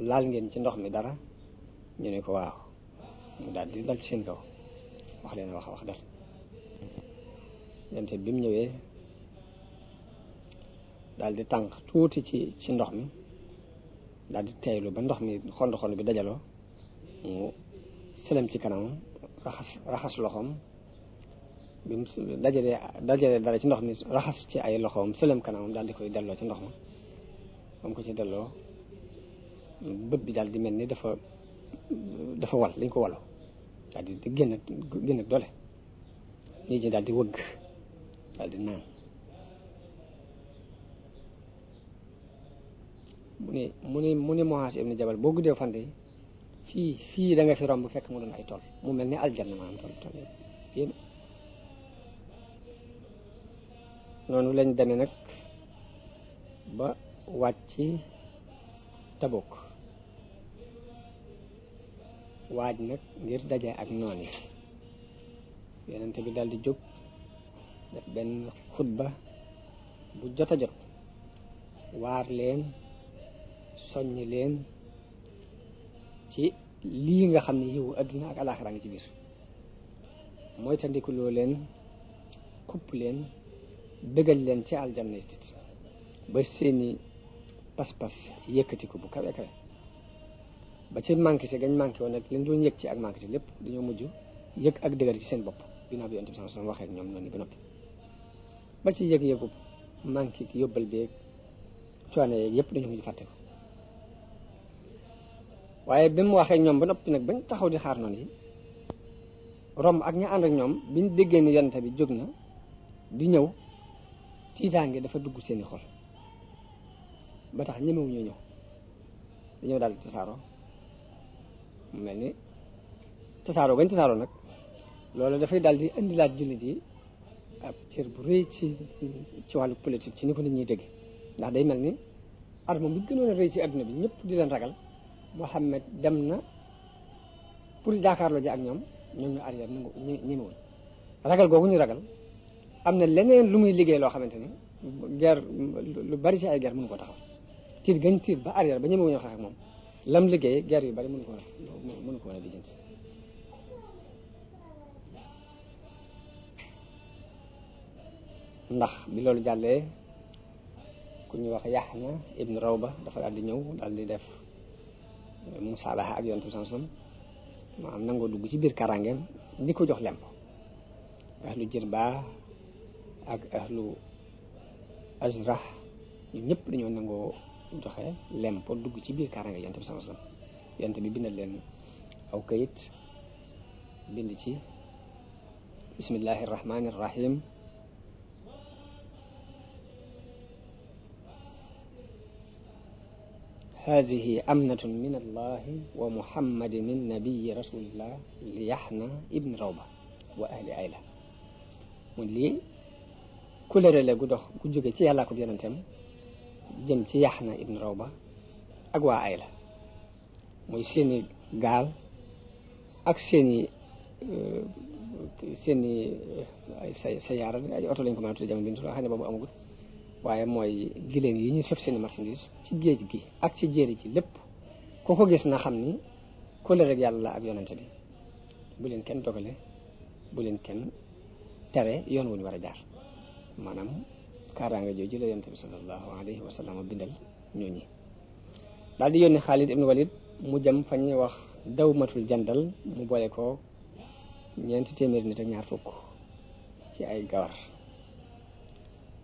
laal ngeen ci ndox mi dara ñu ne ko waaw mu daal di dal ci seen kaw wax leen wax wax dal yonte bi mu ñëwee daal di tànk tuuti ci ci ndox mi daal di teeylu ba ndox mi xond xond bi dajaloo mu sëlëm ci kanam raxas raxas loxoom bi mu dajalee dajalee dara ci ndox mi raxas ci ay loxoom sëlëm kanamam daal di koy delloo ci ndox ma moom ko ci delloo bët bi daal di mel ni dafa dafa wal dañ ko walu daal di génn génn doole nit ñi daal di wëgg daal di naaw mu ne mu ne mu ne Muaas ibn Jabal boo guddee fante fii fii da nga fi romb fekk mu doon ay tool mu mel ni aljanna maanaam tool tool yéen noonu lañ demee nag ba wàcc Tabuk waaj nag ngir daje ak noon yi bi daal di jóg def benn xutba bu jot a jot waar leen soññ leen ci lii nga xam ne yiwu adduna ak alaxira ngi ci biir mooy tandikuloo leen xupp leen dëgal leen ci aljanna tit ba seeni pas-pas yëkkatiku bu kawe kawe ba ci manqué si gañ manqué woon nag lañ doon yëg ci ak manqué si lépp dañoo mujj yëg ak dëgër ci seen bopp ginnaaw bi yonent bi sallallahu alayhi wasallam waxee ak ñoom noonu ba noppi ba ci yëg-yëgu manqué ki yóbbal beeg coono yeeg yëpp dañu mujj fàtte ko waaye bi mu waxee ñoom ba noppi nag bañ taxaw di xaar noonu yi romb ak ña ànd ak ñoom biñ déggee ni yonent bi jóg na di ñëw tiitaange dafa dugg seeni xol ba tax ñemewuñu ñëw dañoo daal di tasaaroo mu mel ni tasaaroo bañ tasaaroo nag loolu dafay daal di indilaat jullit yi ab cër bu rëy ci ci wàllu politique ci ni ko nit ñuy dégg ndax day mel ni arme bi gënoon a rëy ci adduna bi ñëpp di leen ragal Mohammed dem na pour jàkkaarloo ji ak ñoom ñoom ñu arrière ñu ñu woon ragal googu ñu ragal am na leneen lu muy liggéey loo xamante ni guerre lu bari ci ay guerre mënu ko taxaw tiit gañ tiit ba arrière ba ñemewuñoo xeex ak moom lam liggéey guerre yu bari mënu ko mënu ko woon ndax bi loolu jàllee ku ñuy wax yaxna ibn rawba dafa daal di ñëw daal di def euh, musaalaha ak yonent bi sansom maanaam nangoo dugg ci biir karangeem di ko jox lemp ahlu jirba ak ahlu ajrah ñu ñëpp dañoo nangoo joxe lemp dugg ci biir karange yonent bi sansom yonent bi bindal leen aw kayit bind ci bismillahi rahmani rahim هذه أمنة من الله ومحمد من نبي رسول الله ليحنى ابن روبة وأهل عيلة mun lii kulëre la gu dox gu jóge ci yàllaa ko yonentam jëm ci Yaxna ibn Rawba ak waa Ayla muy seeni gaal ak seeni seeni ay sayaara ay oto lañ ko mën a tuddee jamono bi ñu xam ne boobu amagut waaye mooy giléem yi ñu sëf seeni marchandise ci géej gi ak ci jéeri ji lépp ku ko gis na xam ni kóllëre yàlla la ak yonante bi bu leen kenn dogale bu leen kenn tere yoon wu ñu war a jaar maanaam kaaraanga jooju la yonante bi sallallahu alayhi wa sallam bindal ñoo ñi daal di yónni Xaalid ibnu Walid mu jëm fa ñuy wax dawmatul jandal mu boole ko ñeenti téeméeri nit ak ñaar fukk ci ay gawar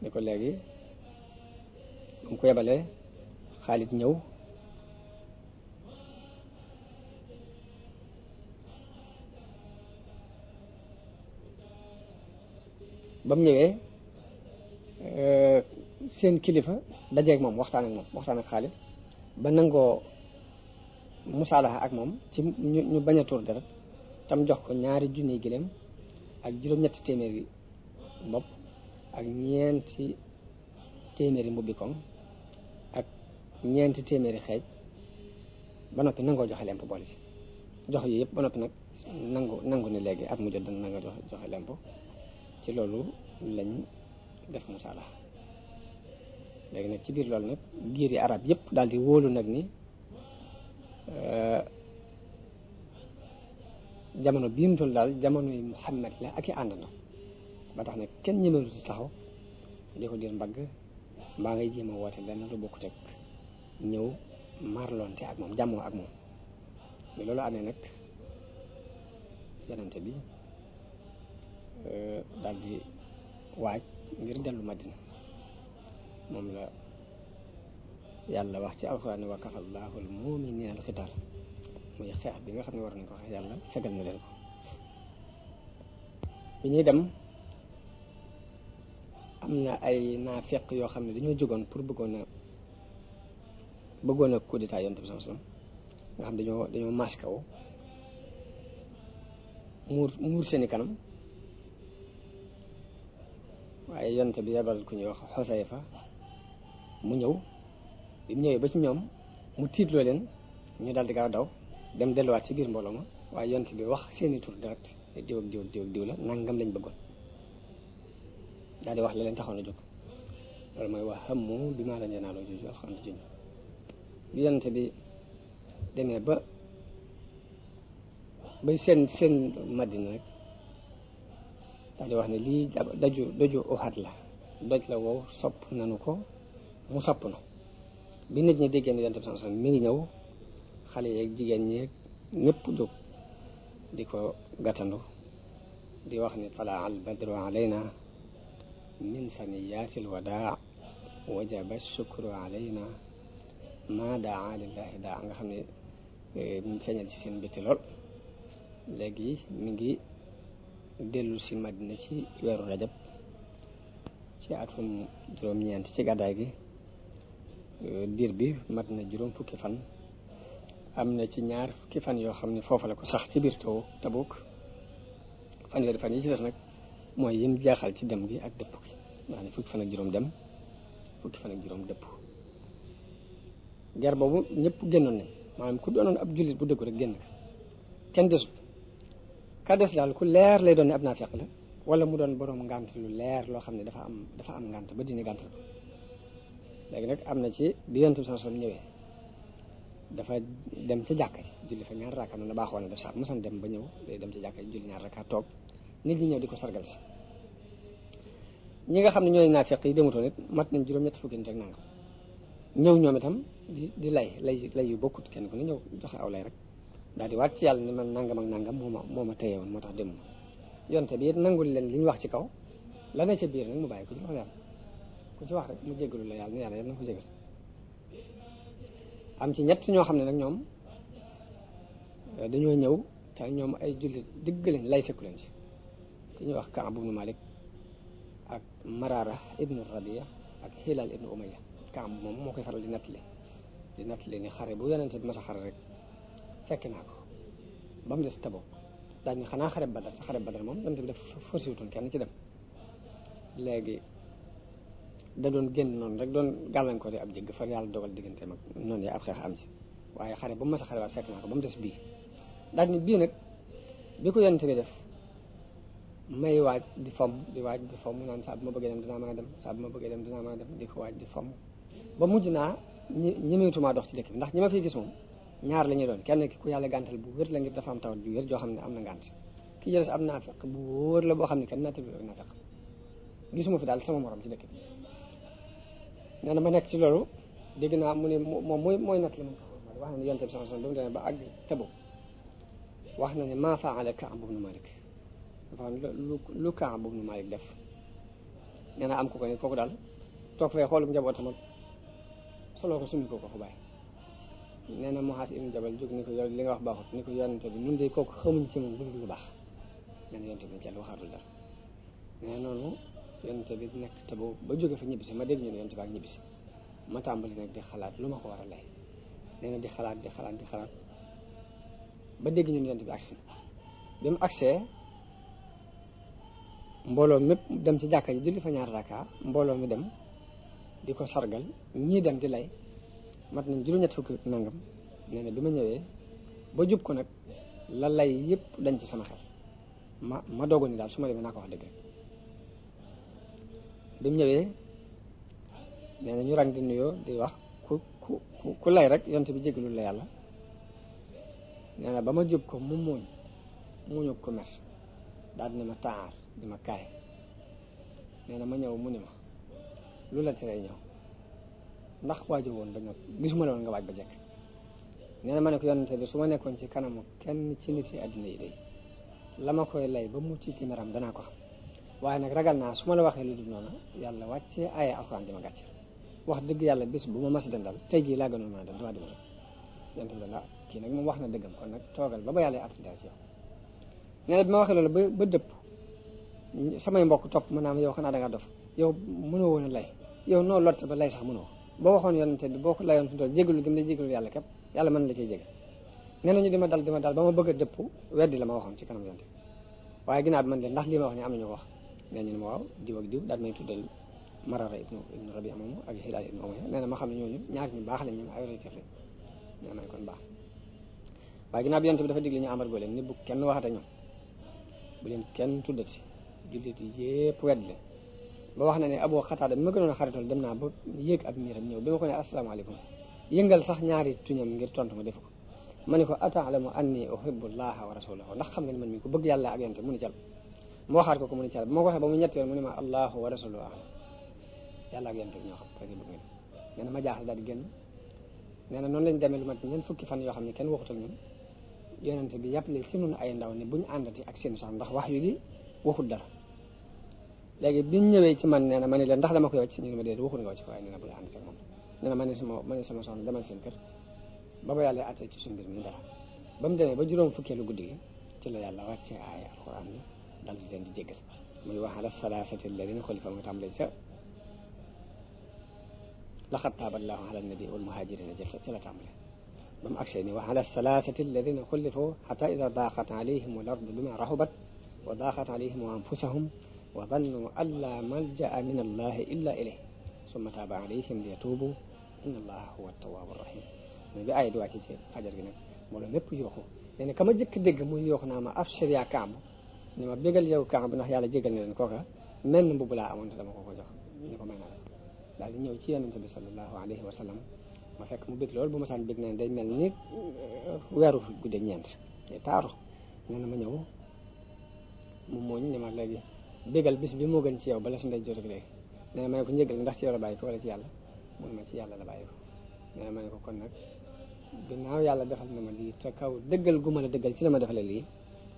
ni ko léegi mu ko yebale Xaalid ñëw ba mu ñëwee euh, seen kilifa dajeeg moom waxtaan ak moom waxtaan ak Xaalid ba nangoo musaalaxa ak moom ci ñu ñu bañ a tam jox ko ñaari junni gileem ak juróom-ñetti téeméeri bopp ak ñeenti téeméeri mbubbi koŋ ñeenti téeméeri xeej ba noppi nangoo joxe lemp boole si jox yi yëpp ba noppi nag nangu nangu léegi ak mu jot dana nanga joxe joxe lemp ci loolu lañ def musaala léegi nag ci biir loolu nag giir yi arab yëpp daal di wóolu nag ni euh, jamono bii mu toll daal jamono yi Muhammad la ak i ànd na ba tax nag kenn ci taxaw di ko dir mbagg mbaa ngay jéem a woote lenn lu bokkut ak ñëw marlonte ak moom jàmmoo ak moom mais loolu amee nag yonente bi euh, daldi di waaj ngir dellu madina moom la yàlla wax ci alxuraan ne wa kafallaahu al muminina al xitar muy xeex bi nga xam ne war nañ ko xeex yàlla fegal na leen ko bi ñuy dem am na ay naafeq yoo xam ne dañoo jógoon pour bëggoon bëggoon a coup d'état yonent bi sallallahu alayhi nga xam dañoo dañoo masqué woo muur muur seeni kanam waaye yonent bi yebal ku ñuy wax Xosayfa mu ñëw bi ñëwee ba ci ñoom mu tiitloo leen ñu daal di gaaw daw dem delluwaat ci biir mbooloo ma waaye yonent bi wax seeni tur direct diw ak diw diw diw la nangam lañ bëggoon daal di wax la leen taxoon a jóg loolu mooy wax xam mu bi maa leen yanaaloo jooju alxuraan junj bi bi demee ba bay seen seen madina rek daal di wax ne lii daju daju la doj la wow sopp nanu ko mu sopp na bi nit ñi déggee ne yonent bi sallallahu alayhi mi ngi ñëw xale jigéen ñeeg ñëpp jóg di ko gàttandu di wax ni tala al badru alayna min saniyaatil wadaa wajaba shukru alayna ma daa lillahi daa a nga xam ne ñu eh, feeñal ci seen mbétti lool léegi mu ngi dellu si madina ci weeru rajab ci atum juróom-ñeent ci gàddaay gi eh, diir bi mat na juróom fukki fan am na ci ñaar fukki fan yoo xam ne foofa ko sax ci biir te Tabuk fanweeri fan yi ci des nag mooy yim jaaxal ci dem gi ak dëpp gi ndax ne fukki fan ak juróom dem fukki fan ak juróom dëpp ger boobu ñëpp génnoon nañ maanaam ku doonoon ab jullit bu dëggu rek génn ka kenn desul ka des daal ku leer lay doon ne ab naafeq la wala mu doon boroom ngànt lu leer loo xam ne dafa am dafa am ngànt ba dina ngàntal ko léegi nag am na ci bi yonent bi sallallahu dafa dem ca jàkka ji julli fa ñaar rakaa noonu baaxoo na def sax mosoon dem ba ñëw day dem ca jàkka ji julli ñaar rakaa toog nit ñi ñëw di ko sargal si ñi nga xam ne ñooy naafeq yi demutoon it mat nañ juróom-ñett fukki nit rek nangam ñëw ñoom itam di di lay lay lay yu bokkut kenn ko ne ñëw joxe aw lay rek daal di ci yàlla ne ma nangam ak nangam moo ma moo ma téye woon moo tax demuma yonte bi nangu leen li ñu wax ci kaw la ne ca biir nag mu bàyyi ko ci loxo yàlla ku ci wax rek mu jégalu la yàlla ne yàlla yal na ko jégal am ci ñett ñoo xam ne nag ñoom eh, dañoo ñëw te ñoom ay jullit dëgg lañ lay fekku leen ci ku ñuy wax Kaab ibnu Malik ak Maraara ibnu Rabia ak Hilal ibnu kaam moom moo koy faral di natt nettali di nettali ni xare bu yonente bi mas a xare rek fekk naa ko ba mu des Tabuk daañu xanaa xare Badar te xare Badar moom yonente bi def forcé wutoon kenn ci dem da doon génn noonu rek doon gàllankoor yi ab jëgg far yàlla dogal diggante mag noonu ya xeex am ci waaye xare ba mu a xare waat fekk naa ko ba mu bii daal bii nag bi ko yonente bi def may waaj di fomm di waaj di fomm naan saa bu ma bëggee dem dinaa mën a dem saa bu ma bëggee dem dinaa mën a dem di ko waaj di fomm ba mujj naa ñemeetuma dox ci dëkk bi ndax ñi ma fiy gis moom ñaar lañuy doon kenn ki ku yàlla gàntal bu wér la ngir dafa am tawat ju wér joo xam ne am na ngànt ki jëles naa feq bu wóor la boo xam ne kenn nattabi ak naa feq gisuma fi daal sama morom ci dëkk bi na ma nekk ci loolu dégg naa mu ne moom mooy mooy natt wax na ne yonte bi sama sama doomu demee ba àgg tabo wax na ne maa faale Kaab ibnu Malik dafa am lu lu Kaab ibnu Malik def nee na am ku ko ne kooku daal toog fee xoolum njabootam soloo ko summi ko ko xubaay nee na Muaas ibn Jabal jóg ni ko yow li nga wax baaxut ni ko yonente bi ñun de kooku xamuñ ci moom lu baax nee na yonente bi ci waxaatul nekk te boobu ba jóge fa ñibbisi ma dégg ñu ne yonente ma tàmbali di xalaat lu ma ko war a lay nee di xalaat di xalaat di xalaat ba dégg ñu ne yonente bi agsi bi mu agsee mbooloo mépp dem ci jàkka ji julli fa ñaar raka mbooloo mi dem di ko sargal ñii dem di lay mat nañ juróom-ñett fukki nangam nee na bi ma ñëwee ba jub ko nag la lay yëpp dañ ci sama xel ma ma doogu ni daal su ma demee naa ko wax dëgg rek bi mu ñëwee nee ñu rang di nuyoo di wax ku ku ku lay rek yonte bi jégalul la yàlla nee ba ma jub ko mu muuñ muuñu ko mer daal dina ma taar di ma kaay nee na ma ñëw mu ni ma lu la teree ñëw ndax waajo woon ba ñëw gisuma la woon nga waaj ba jekk nee na ma ne ko yonente bi su ma nekkoon ci kanamu kenn ci nit yi yi day la ma koy lay ba mu ci ci meram danaa ko xam waaye nag ragal naa su ma la waxee lu dul noonu yàlla wàccee aaya alxuraan di ma gàcce wax dëgg yàlla bis bu ma mas dendal tey jii laa gënoon mën a dem damaa dem rek yonente bi ah kii nag moom wax na dëggam kon nag toogal ba ba yàlla attidal ci yow nee na bi ma ba ba dëpp samay mbokk topp ma naam yow xanaa da nga yow mënoo woon a yow noo lotte ba lay sax mënoo boo waxoon yonente bi boo ko layoon fi doon jégalu gi mu ne jégalu yàlla képp yàlla mën la cee jégal nee nañu dima dal dima bëgg a dëpp weddi la ma waxoon ci kanam yonente waaye ginnaaw bi man de ndax lii wax ne am nañu ko wax nee ñu ma waaw diw ak diw daal may tuddal marara ibnu ibnu rabi moomu ma xam ne ñooñu ñaari ñu baax lañ ñoom ay relatif lañ ñu amee kon baax waaye ginnaaw bi yonente bi dafa digle ñu amar goo leen ni bu kenn waxate ñoom bu leen kenn tuddati jullit yépp weddi leen ba wax na ne Abu Xataada bi ma gënoon a xaritool dem naa ba yéeg ab miiram ñëw bi ma ko ne asalaamaaleykum yëngal sax ñaari tuñam ngir tontu ma def ko ma ne ko ataalamu anni uhibbu llaha wa rasulahu xam nga ne man mi ko bëgg yàlla ak yonte mu ni cal mu waxaat ko ko mu ni cal bu ma ko ñetti mu ne ma allahu wa rasuluhu alam yàlla ak yonte ñoo xam fekkee bëgg ngeen nee na ma jaaxle daal di génn nee na noonu lañ demee lu mat ñeent fukki fan yoo xam ne kenn waxutal ñun yonente bi yàppale ci nun ay ndaw ne buñu àndati ak seen sax ndax wax yu gi waxul dara léegi bi mu ñëwee ci man nee na ma ne leen ndax dama ko yow ci ñu ne ma déedéet waxul nga ci ko waaye nee na bu la ànd ak moom nee na ma ne sama ma ne sama soxna demal seen kër ba ba yàlla àtte ci suñu mbir mi dara ba mu demee ba juróom fukkeelu guddi gi ci la yàlla wàccee aaya alquran yi dal di leen di jéggal muy wax ala salaasati alladina xulifa mu tàmbalee sa laqad taaba allahu ala nabi wal muhajirina jël ci la tàmbalee ba mu agsee ni wa ala salaasati alladina xulifu xata ida daaqat alayhim al ardu bima rahubat wa daaqat alayhim anfusahum wa dannuu an laa malja'a min allahi illa ilayh summa taaba alayhim liyatuubu inna allaha huwa tawaabu rahim mais bi aaya di wàcce ci fajar gi nag mbooloo mépp yooxu nee na ka ma jëkk dégg muy yoox naa ma afshir yaa kaam ni ma bégal yow kaam bi ndax yàlla jégal na leen kooka menn mbubb laa amoon te dama ko jox ni ko may naa la daal di ñëw ci yonente bi sallallahu alayhi wa sallam ma fekk mu bég loolu bu ma saan bég neen day mel ni eh, weeru guddeeg ñeent taaru nee na ma ñëw mu mooñ ne ma bégal bis bi moo gën ci yow bala su ndey jot ak léegi nee ma ne ko njëgal ndax ci yow la bàyyi ko wala ci yàlla mun ma ci yàlla la bàyyi ko nee na ma ne ko kon nag ginnaaw yàlla defal na ma lii te kaw dëggal gu ma la dëggal ci la ma defalee lii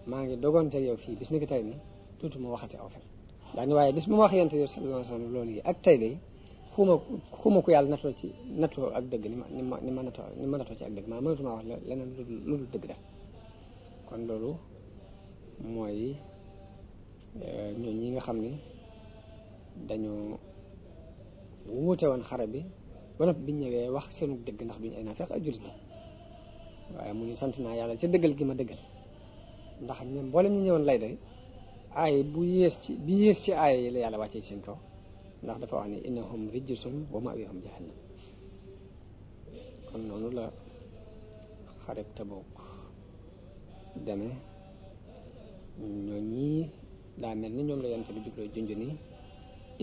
maa ngi dogoonte yow fii bis ni ki tey ni tuuti mu waxate aw fen daani waaye bis mu wax yente yow sallallahu alayhi wa sallam loolu yi ak tey day xuuma xuuma ko ci natoo ak dëgg ni ma ma ni ma natoo ni ma natoo ci ak dëgg maa mënatumaa wax leneen lu dul dëgg def kon loolu mooy ñooñu euh, ñi nga xam ne dañoo wuute woon xare bi ba bi biñ ñëwee wax seenu dëgg ndax duñu ay naafeq ay jullit la waaye mu ñu sant naa yàlla ci dëggal gi ma dëggal ndax ñoom mboolem ñi ñëwoon lay day aay bu yées ci bi yées ci aay la yàlla wàccee seen kaw ndax dafa wax ne innahum rijsun wa ma'wahum jahannam kon noonu la xareb Tabuk demee ñoo ñii daa mel ni ñoom la yonte bi jubloo junj ni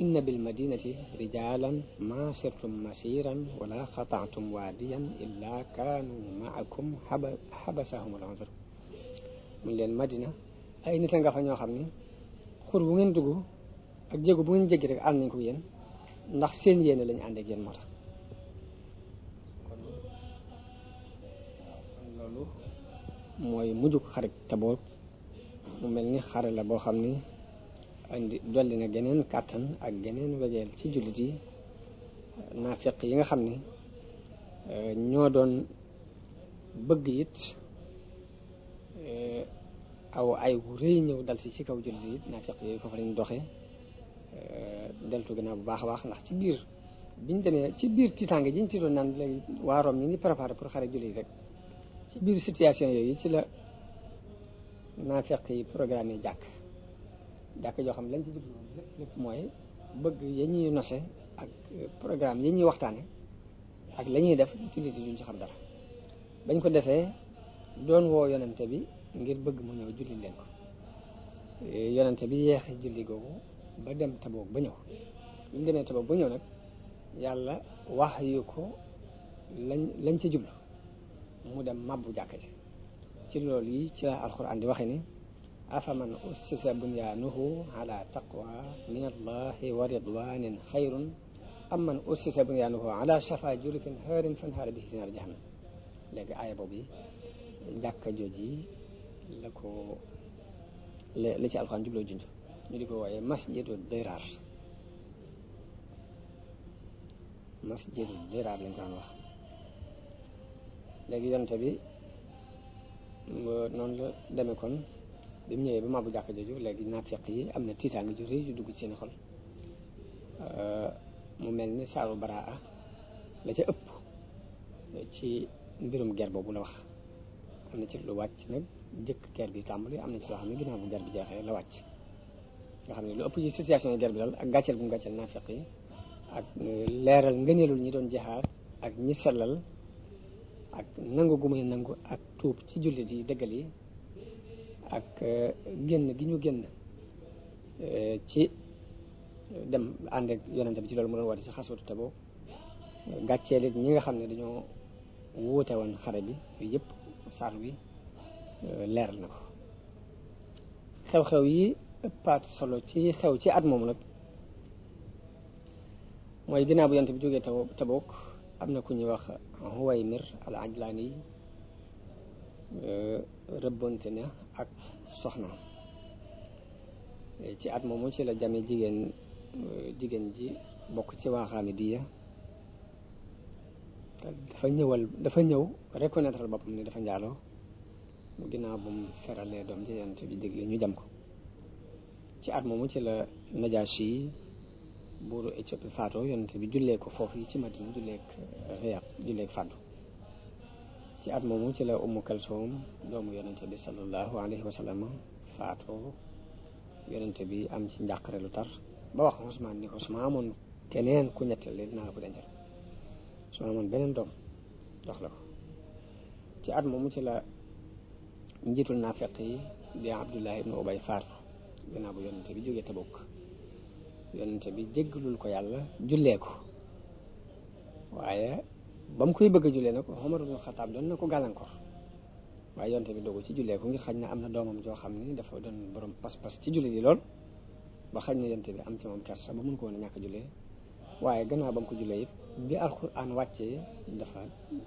inna bil madinati rijalan ma sirtum masiran wala xataatum waadiyan illa kaanu maakum aba xabasahum al uzr leen madina ay nit a ñoo xam ne xur bu ngeen dugg ak jéego bu ngeen jéggi rek ànd nañ ko yéen ndax seen yéene lañu ànd ak yéen moo tax loolu mooy mujjug mu mel ni xare la boo xam ni indi dolli na geneen kàttan ak geneen wegeel ci jullit yi naafiq yi nga xam ni euh, ñoo doon bëgg it euh, aw ay wu ñëw dal si ci kaw jullit yi naafiq yooyu foofu lañ doxee euh, deltu ginnaaw bu baax a baax ndax ci biir biñ demee ci biir tiitaange jiñ ci doon naan léegi waaroom ñi ngi préparé pour xare jullit yi rek ci biir situation yooyu ci la naafeq yi programme jàkk jàkk joo xam lañ ci jublu lépp mooy bëgg ya ñuy nose ak programme yi ñuy waxtaane ak la ñuy def jullit yi duñ ci xam dara bañ ko defee doon woo yonente bi ngir bëgg mu ñëw julli leen ko yonente bi yeexi julli googu ba dem taboog ba ñëw bi mu demee taboog ba ñëw nag yàlla wax yu ko lañ lañ ci jublu mu dem màbbu jàkk ji ci loolu yi ci la alquran di waxe ni afaman ussisa bunyaanuhu ala taqwa min allahi wa ridwanin xayrun am man ussisa bunyaanuhu ala shafa jurufin xeerin fanhaara bihi fi naar jahannam léegi aaya boobu yi jàkka jooji la ko la ci alquran jubloo junj ñu di diraar masjidu diraar noonu la demee kon bi mu ñëwee ba màbbu jàkk jooju léegi naafeq yi am na tiitaange ju rëy ju dugg seeni seen xol euh, mu mel ni saaru baraa la ca ëpp ci mbirum gerbo bu la wax am na ci lu wàcc nag jëkk ger bi tàmbali am na ci loo xam ne ginnaaw bu ger bi jeexee la wàcc nga xam ne lu ëpp ci situation yi ger bi dal ak gàcceel bu mu gàcceel naafeq yi ak leeral ngëneelul ñi doon jaxaar ak ñi sellal ak nangu gu muy nangu ak tuub ci jullit yi dëggal yi ak euh, génn gi ñu génn euh, ci dem ànd ak yonente bi ci loolu mu doon woote ci xaswatu Tabuk gàcceel it ñi nga xam ne dañoo wuute woon xare bi yooyu yëpp saar wi euh, leeral na ko xew-xew yi ëppaat solo ci xew ci at moom nag mooy ginnaaw bu yonente bi jógee Tabuk am na ku ñuy wax Huwaymir al Ajlaani euh, rëbbante na ak soxna ci at moomu ci la jame jigéen euh, jigéen ji bokk ci waa Xaamidiya dafa ñëwal dafa ñëw reconnaître boppam ne dafa njaalo mu ginnaaw bu mu feralee doom ci yonent bi dégg ñu jam ko ci at moomu ci la Najaashi buuru Éthiopie faatoo yonent bi ko foofu yi ci mat yi julleeg Riyad julleeg fàddu ci at moomu ci la Ummu Kalsoom doomu yonent bi sallallahu alayhi wa faatoo yonent bi am ci njàqare lu tar ba wax Usmaan ni ko su ma amoon keneen la ma amoon ci at moomu ci la njiitul naafeq yi di Abdullahi ibnu Ubay faatu ginnaaw bu yonent bi jógee Tabuk yonente bi jéggalul ko yàlla jullee ko waaye ba mu koy bëgg a jullee nag Umar ibn Xataab doon na ko gàllankoor waaye yonte bi dogu ci jullee ko ngir xañ na am na doomam joo xam ni dafa doon borom pas-pas ci julli di lool ba xañ na yonte bi am ci moom kersa ba mun koo woon a ñàkk jullee waaye gannaaw ba mu ko jullee it bi alquran wàccee dafa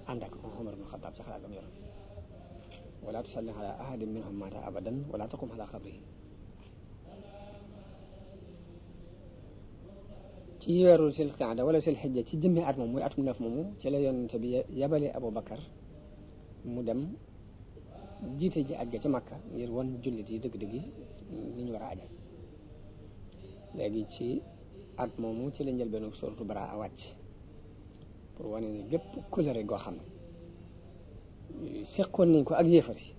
ànd ak Umar ibn Xataab ci xalaat ba mu yoroon wala tusalli ala ahadin minhum mata abadan wala ci weeru sil qaada wala sil xijja ci jëmmi at moom muy atum neef moomu ci la yonent bi yabale Aboubacar mu dem jiite ji àgg ci Makka ngir won jullit yi dëgg-dëgg yi war a aje léegi ci at moomu ci la njëlbeenu sortu bara a wàcc pour wane ne gépp kulëre goo xam ne seqoon nañ ko ak yéefar yi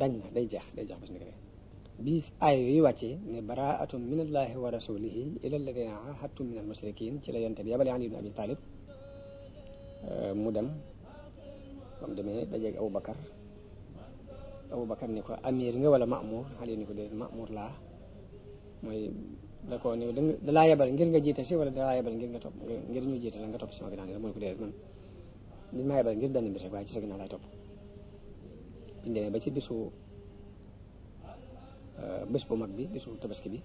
dañ day jeex day jeex ba ni ko bi ay wi wàccee ne baraatum minallahi wa rasulihi ila alladina ahadtum min almushrikin ci la yonte bi yabale Ali ibn Abi Talib euh, mu dem ba mu demee dajeeg Abu Bakar Abu ni ko amir nga wala maamur Ali ni ko déet maamur laa mooy da da laa yabal ngir nga jiite si wala da laa yabal ngir nga topp ngir ñu jiite la nga topp sama ginnaaw mu ne ko déet man dañ maa yabal ngir benn mbir rek waaye ci sa ginnaaw laay topp biñ demee ba ci bisu Euh, bés bu mag bi bésu tabaski bi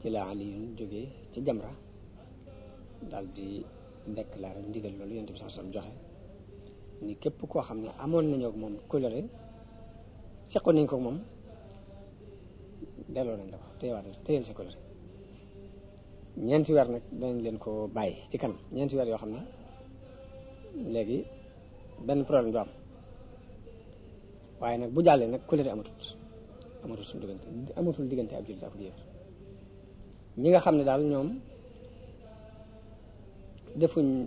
ci la Aliyun jógee ci Jamra daal di déclaré ndigal loolu yonent bi sallallahu alayhi wasallam joxe ni képp koo xam ne amoon nañu moom colère seqoon nañ ko moom delloo nañ la ko téyewaat téyel sa colère ñeenti weer nag danañ leen ko bàyyi ci kanam ñeenti weer yoo xam ne léegi benn problème du waaye nag bu jàllee nag colère amatut amatul suñu diggante amatul diggante ab jullit ak yéefar ñi nga xam ne daal ñoom defuñ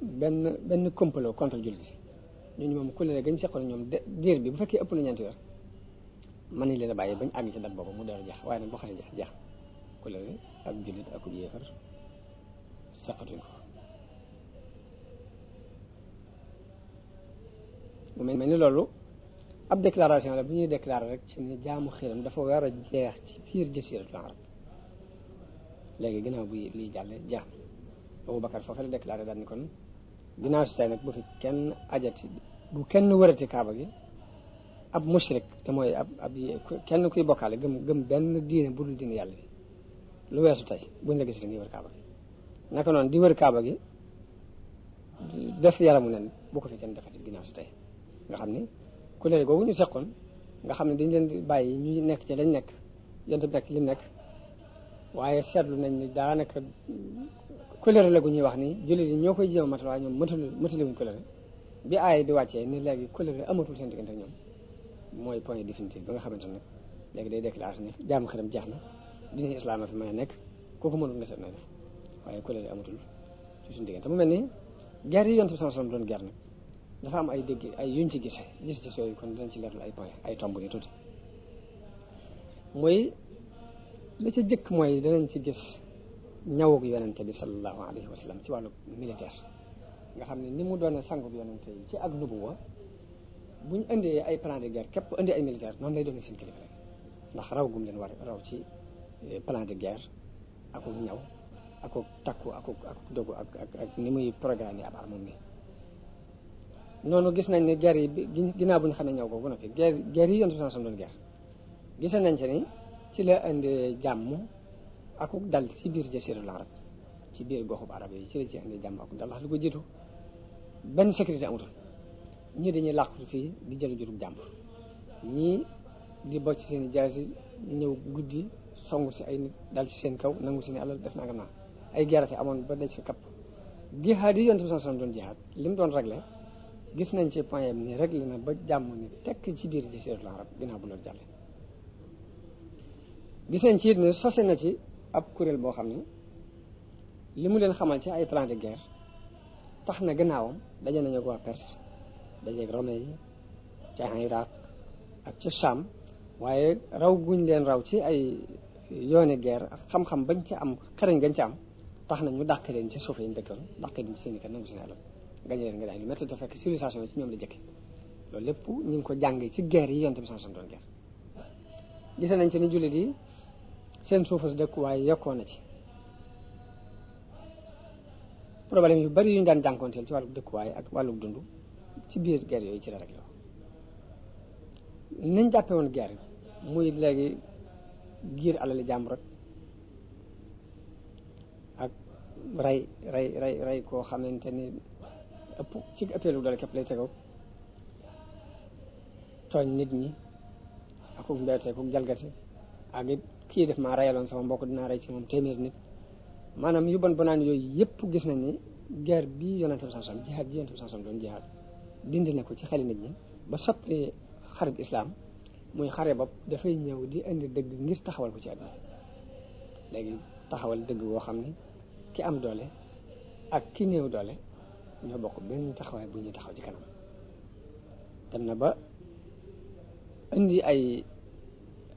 benn benn complot contre jullit yi ñu moom kuréel gañ na ñoom diir bi bu fekkee ëpp na ñeenti weer mën nañ leen a bàyyi bañ àgg ci date boobu mu dee a waaye nag boo xasee jeex jeex kuréel ak jullit ak yéefar seqatuñ ko. mel ni loolu. ab déclaration la bu ñuy déclarer rek ci ne jaamu xiram dafa war jeex ci biir jasiratul arab léegi ginnaaw bu lii jàlle jeex Abu Bakar foofu la déclaré daal ni kon ginnaaw si nag bu fi kenn ajati bu kenn wërati kaaba gi ab mushrik te mooy ab ab kenn kuy bokkaale gëm gëm benn diine bu dul diine yàlla bi lu weesu tey buñ la gisati ngi wër kaaba gi naka noonu di wër kaaba gi def yaramu nen bu ko fi kenn defati ginnaaw si tey ni kuréel kooku ñu seqoon nga xam ne dañ leen di bàyyi ñuy nekk ci lañ nekk yéen nekk li nekk waaye seetlu nañ ni daanaka kuréel la gu ñuy wax ni jullit yi ñoo koy jéem a matal waaye ñoom matal mataliwuñ kuréel bi aay di wàccee ni léegi kuréel amatul seen diggante ñoom mooy point définitif ba nga xamante ne léegi day déclaré ni jaamu xaram jeex na dinañ islaam fi mën a nekk kooku mënul nga seet na def waaye kuréel amatul ci suñu diggante mu mel ni guerre yi yonent bi sallallahu alayhi doon guerre nag dafa am ay dégg ay yuñ ci gise gis-gis yooyu kon dañ ci leeral ay point ay tomb ni tuuti mooy la ca jëkk mooy danañ ci gis ñawug yonente bi sallallahu alayhi wa sallam ci wàllu militaire nga xam ne ni mu doone sangub yonente yi ci ak nubuwa bu ñu indee ay plan de guerre képp indi ay militaire noonu lay doone seen ndax raw gum leen war raw ci eh, plan de guerre akuk ñaw akuk takku akuk akuk dogu ak ak ak ni muy programme ab armam noonu gis nañ ne ger yi ginnaaw bu ñu xamee ñaw googu na fi ger ger yi yontu sansam doon ger gis ci la indi jàmm akuk dal ci biir jasirul arab ci biir goxub arab yi ci la ci indi jàmm akuk ko jiitu benn sécurité amutoon ñii dañuy làqutu fii di jël jurug jàmm ñii di bocc seen i jaasi guddi songu si ay nit dal ci seen kaw nangu seen i alal def naa ay gerte amoon ba daj fi kapp yi yontu sansam doon jihaad li mu doon réglé gis nañ ci point ni réglé na ba jàmm ni tekk ci biir jasiiratul arab ginnaaw bu loolu jàlle gis nañ ci it ne sose na ci ab kuréel boo xam ne li mu leen xamal ci ay plan de guerre tax na gannaawam daje nañu ko waa Perse dajeeg Romains yi ca Irak ak ci Sham waaye raw guñ leen raw ci ay yoone guerre ak xam-xam bañ ci am xarañ gañ ci am tax na ñu dàq leen ci suuf yi ñu dëkkoon dàq leen ci seen i kan nangu seen alal gañe leen nga daay lu métti te fekk civilisation yi ci ñoom la jëkke loolu lépp ñu ngi ko jàngee ci guerre yi yonte bi sansan doon guerre gise nañ ci ni jullit yi seen suufas dëkkuwaay yokkoo na ci problème yu bari yu ñu daan jànkoonteel ci wàllu dëkkuwaay ak wàllu dund ci biir ger yooyu ci la rek yow niñ jàppe woon guerre muy léegi giir alali jàmbur ak rey rey rey rey koo xamante ni ëpp ci ëppeelu dala képp lay tegaw tooñ nit ñi akuk mbeetee kuk jalgati ak kii def maa rayaloon sama mbokk dinaa rey ci moom téeméer nit maanaam yu bon bonaan yooyu yëpp gis nañ ni guerre bi yonente bi sansom jihaad ji yonente bi doon jihaad dindi na ko ci xeli nit ñi ba soppi xarib islam muy xare bopp dafay ñëw di indi dëgg ngir taxawal ko ci àdduna léegi taxawal dëgg woo xam ne ki am doole ak ki néew doole ñoo bokk benn taxawaay bu ñuy taxaw ci kanam dam na ba indi ay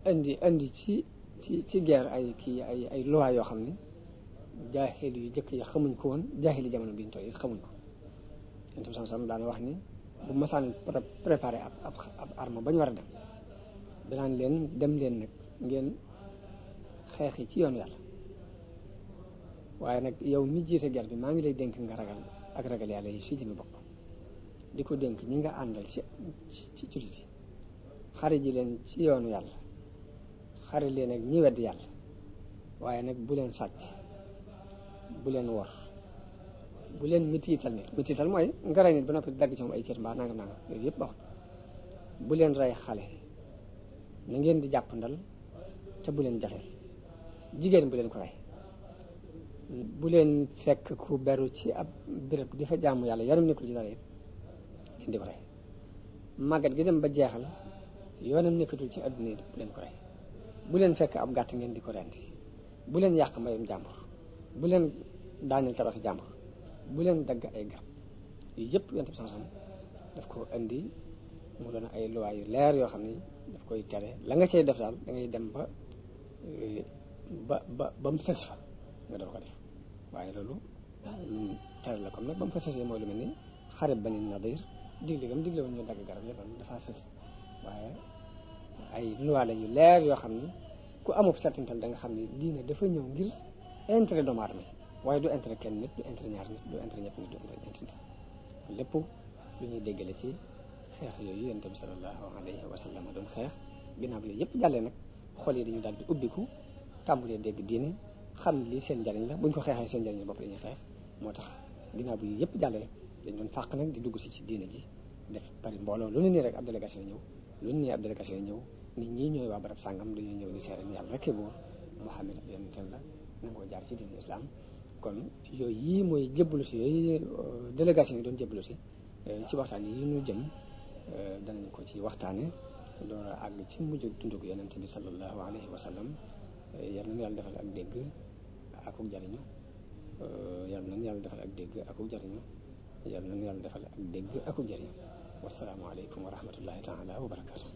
indi indi ci ci ci ay kii ay ay loi yoo xam ni jaahil yu jëkk yi xamuñ ko woon jaahil yi jamono bi ñu toll it xamuñ ko yonent bi sam daan wax ni bu masaan préparé ab ab arme ba ñu war a dem danaan leen dem leen nag ngeen xeex yi ci yoon yàlla waaye nag yow mi jiite guerre bi maa ngi lay dénk nga ragal ak ragal yàlla yi si jëmi bopp di ko dénk ñi nga àndal ci ci jullit yi xare ji leen ci yoonu yàlla xare leen ak ñi wedd yàlla waaye nag bu leen sàcc bu leen wor bu leen mitiital nit mitiital mooy nga rey nit ba noppi dagg ci moom ay cër mbaa nangam nangam yooyu yëpp baaxul bu leen rey xale na ngeen di jàpp ndal te bu leen jaxel jigéen bu leen ko rey bu leen fekk ku beru ci ab béréb di fa jaamu yàlla yoonam nekkul ci dara yëpp ngeen di ko rey màggat gi dem ba jeexal yoonam nekkatul ci adduna yi bu leen ko rey bu leen fekk ab gàtt ngeen di ko rendi bu leen yàq mbayum jàmbur bu leen daaneel tabax jàmbur bu leen dagg ay garab yii yëpp yonent bi sansan daf ko indi mu doon ay luwaa yu leer yoo xam ne daf koy tere la nga cay def daal da ngay dem ba eh, ba ba ba mu sës fa nga doon ko def waaye loolu tere la kom nag ba mu fa sësee mooy lu mel ni xarit ba ni nadir digle gam digle woon ñu dagg garab yëpp dafa sës waaye ay luwaale yu leer yoo xam ni ku amub certitude da nga xam ni diine dafa ñëw ngir intérêt doomu aadama waaye du intérêt kenn nit du intérêt ñaar nit du intérêt ñett nit du intérêt ñeent nit lépp lu ñuy déggale ci xeex yooyu yonent bi sallallahu alayhi wa sallam doon xeex ginnaaw bi yooyu yëpp jàllee nag xol yi dañu daal di ubbiku tàmbulee dégg diine xam li seen njariñ la buñ ko xeexee seen njariñ la bopp dañuy xeex moo tax ginnaaw bi yëpp jàllee dañ doon fàq nag di dugg si ci diine ji def bari mbooloo lu ne nii rek ab délégation ñëw lu ne nii ñëw nit ñi ñooy waa barab sàngam dañuy ñëw di seere ni yàlla rek buur Muhammad yonentam la nangoo jaar ci diine islam kon yooyu yii mooy jébbalu si yooyu euh, délégation yi doon jébbalu si euh, ci waxtaan yi ñu jëm euh, danañ ko ci waxtaane door a àgg ci mujj dundug yonent bi sallallahu alayhi wa sallam Euh, yàlla na yàlla defal ak dégg akuk jariñu euh, yàlla na yàlla defal ak dégg akuk jariñu yàlla na yàlla defal ak dégg akuk jariñu wasalaamaaleykum wa rahmatullahi taala wa barakaatu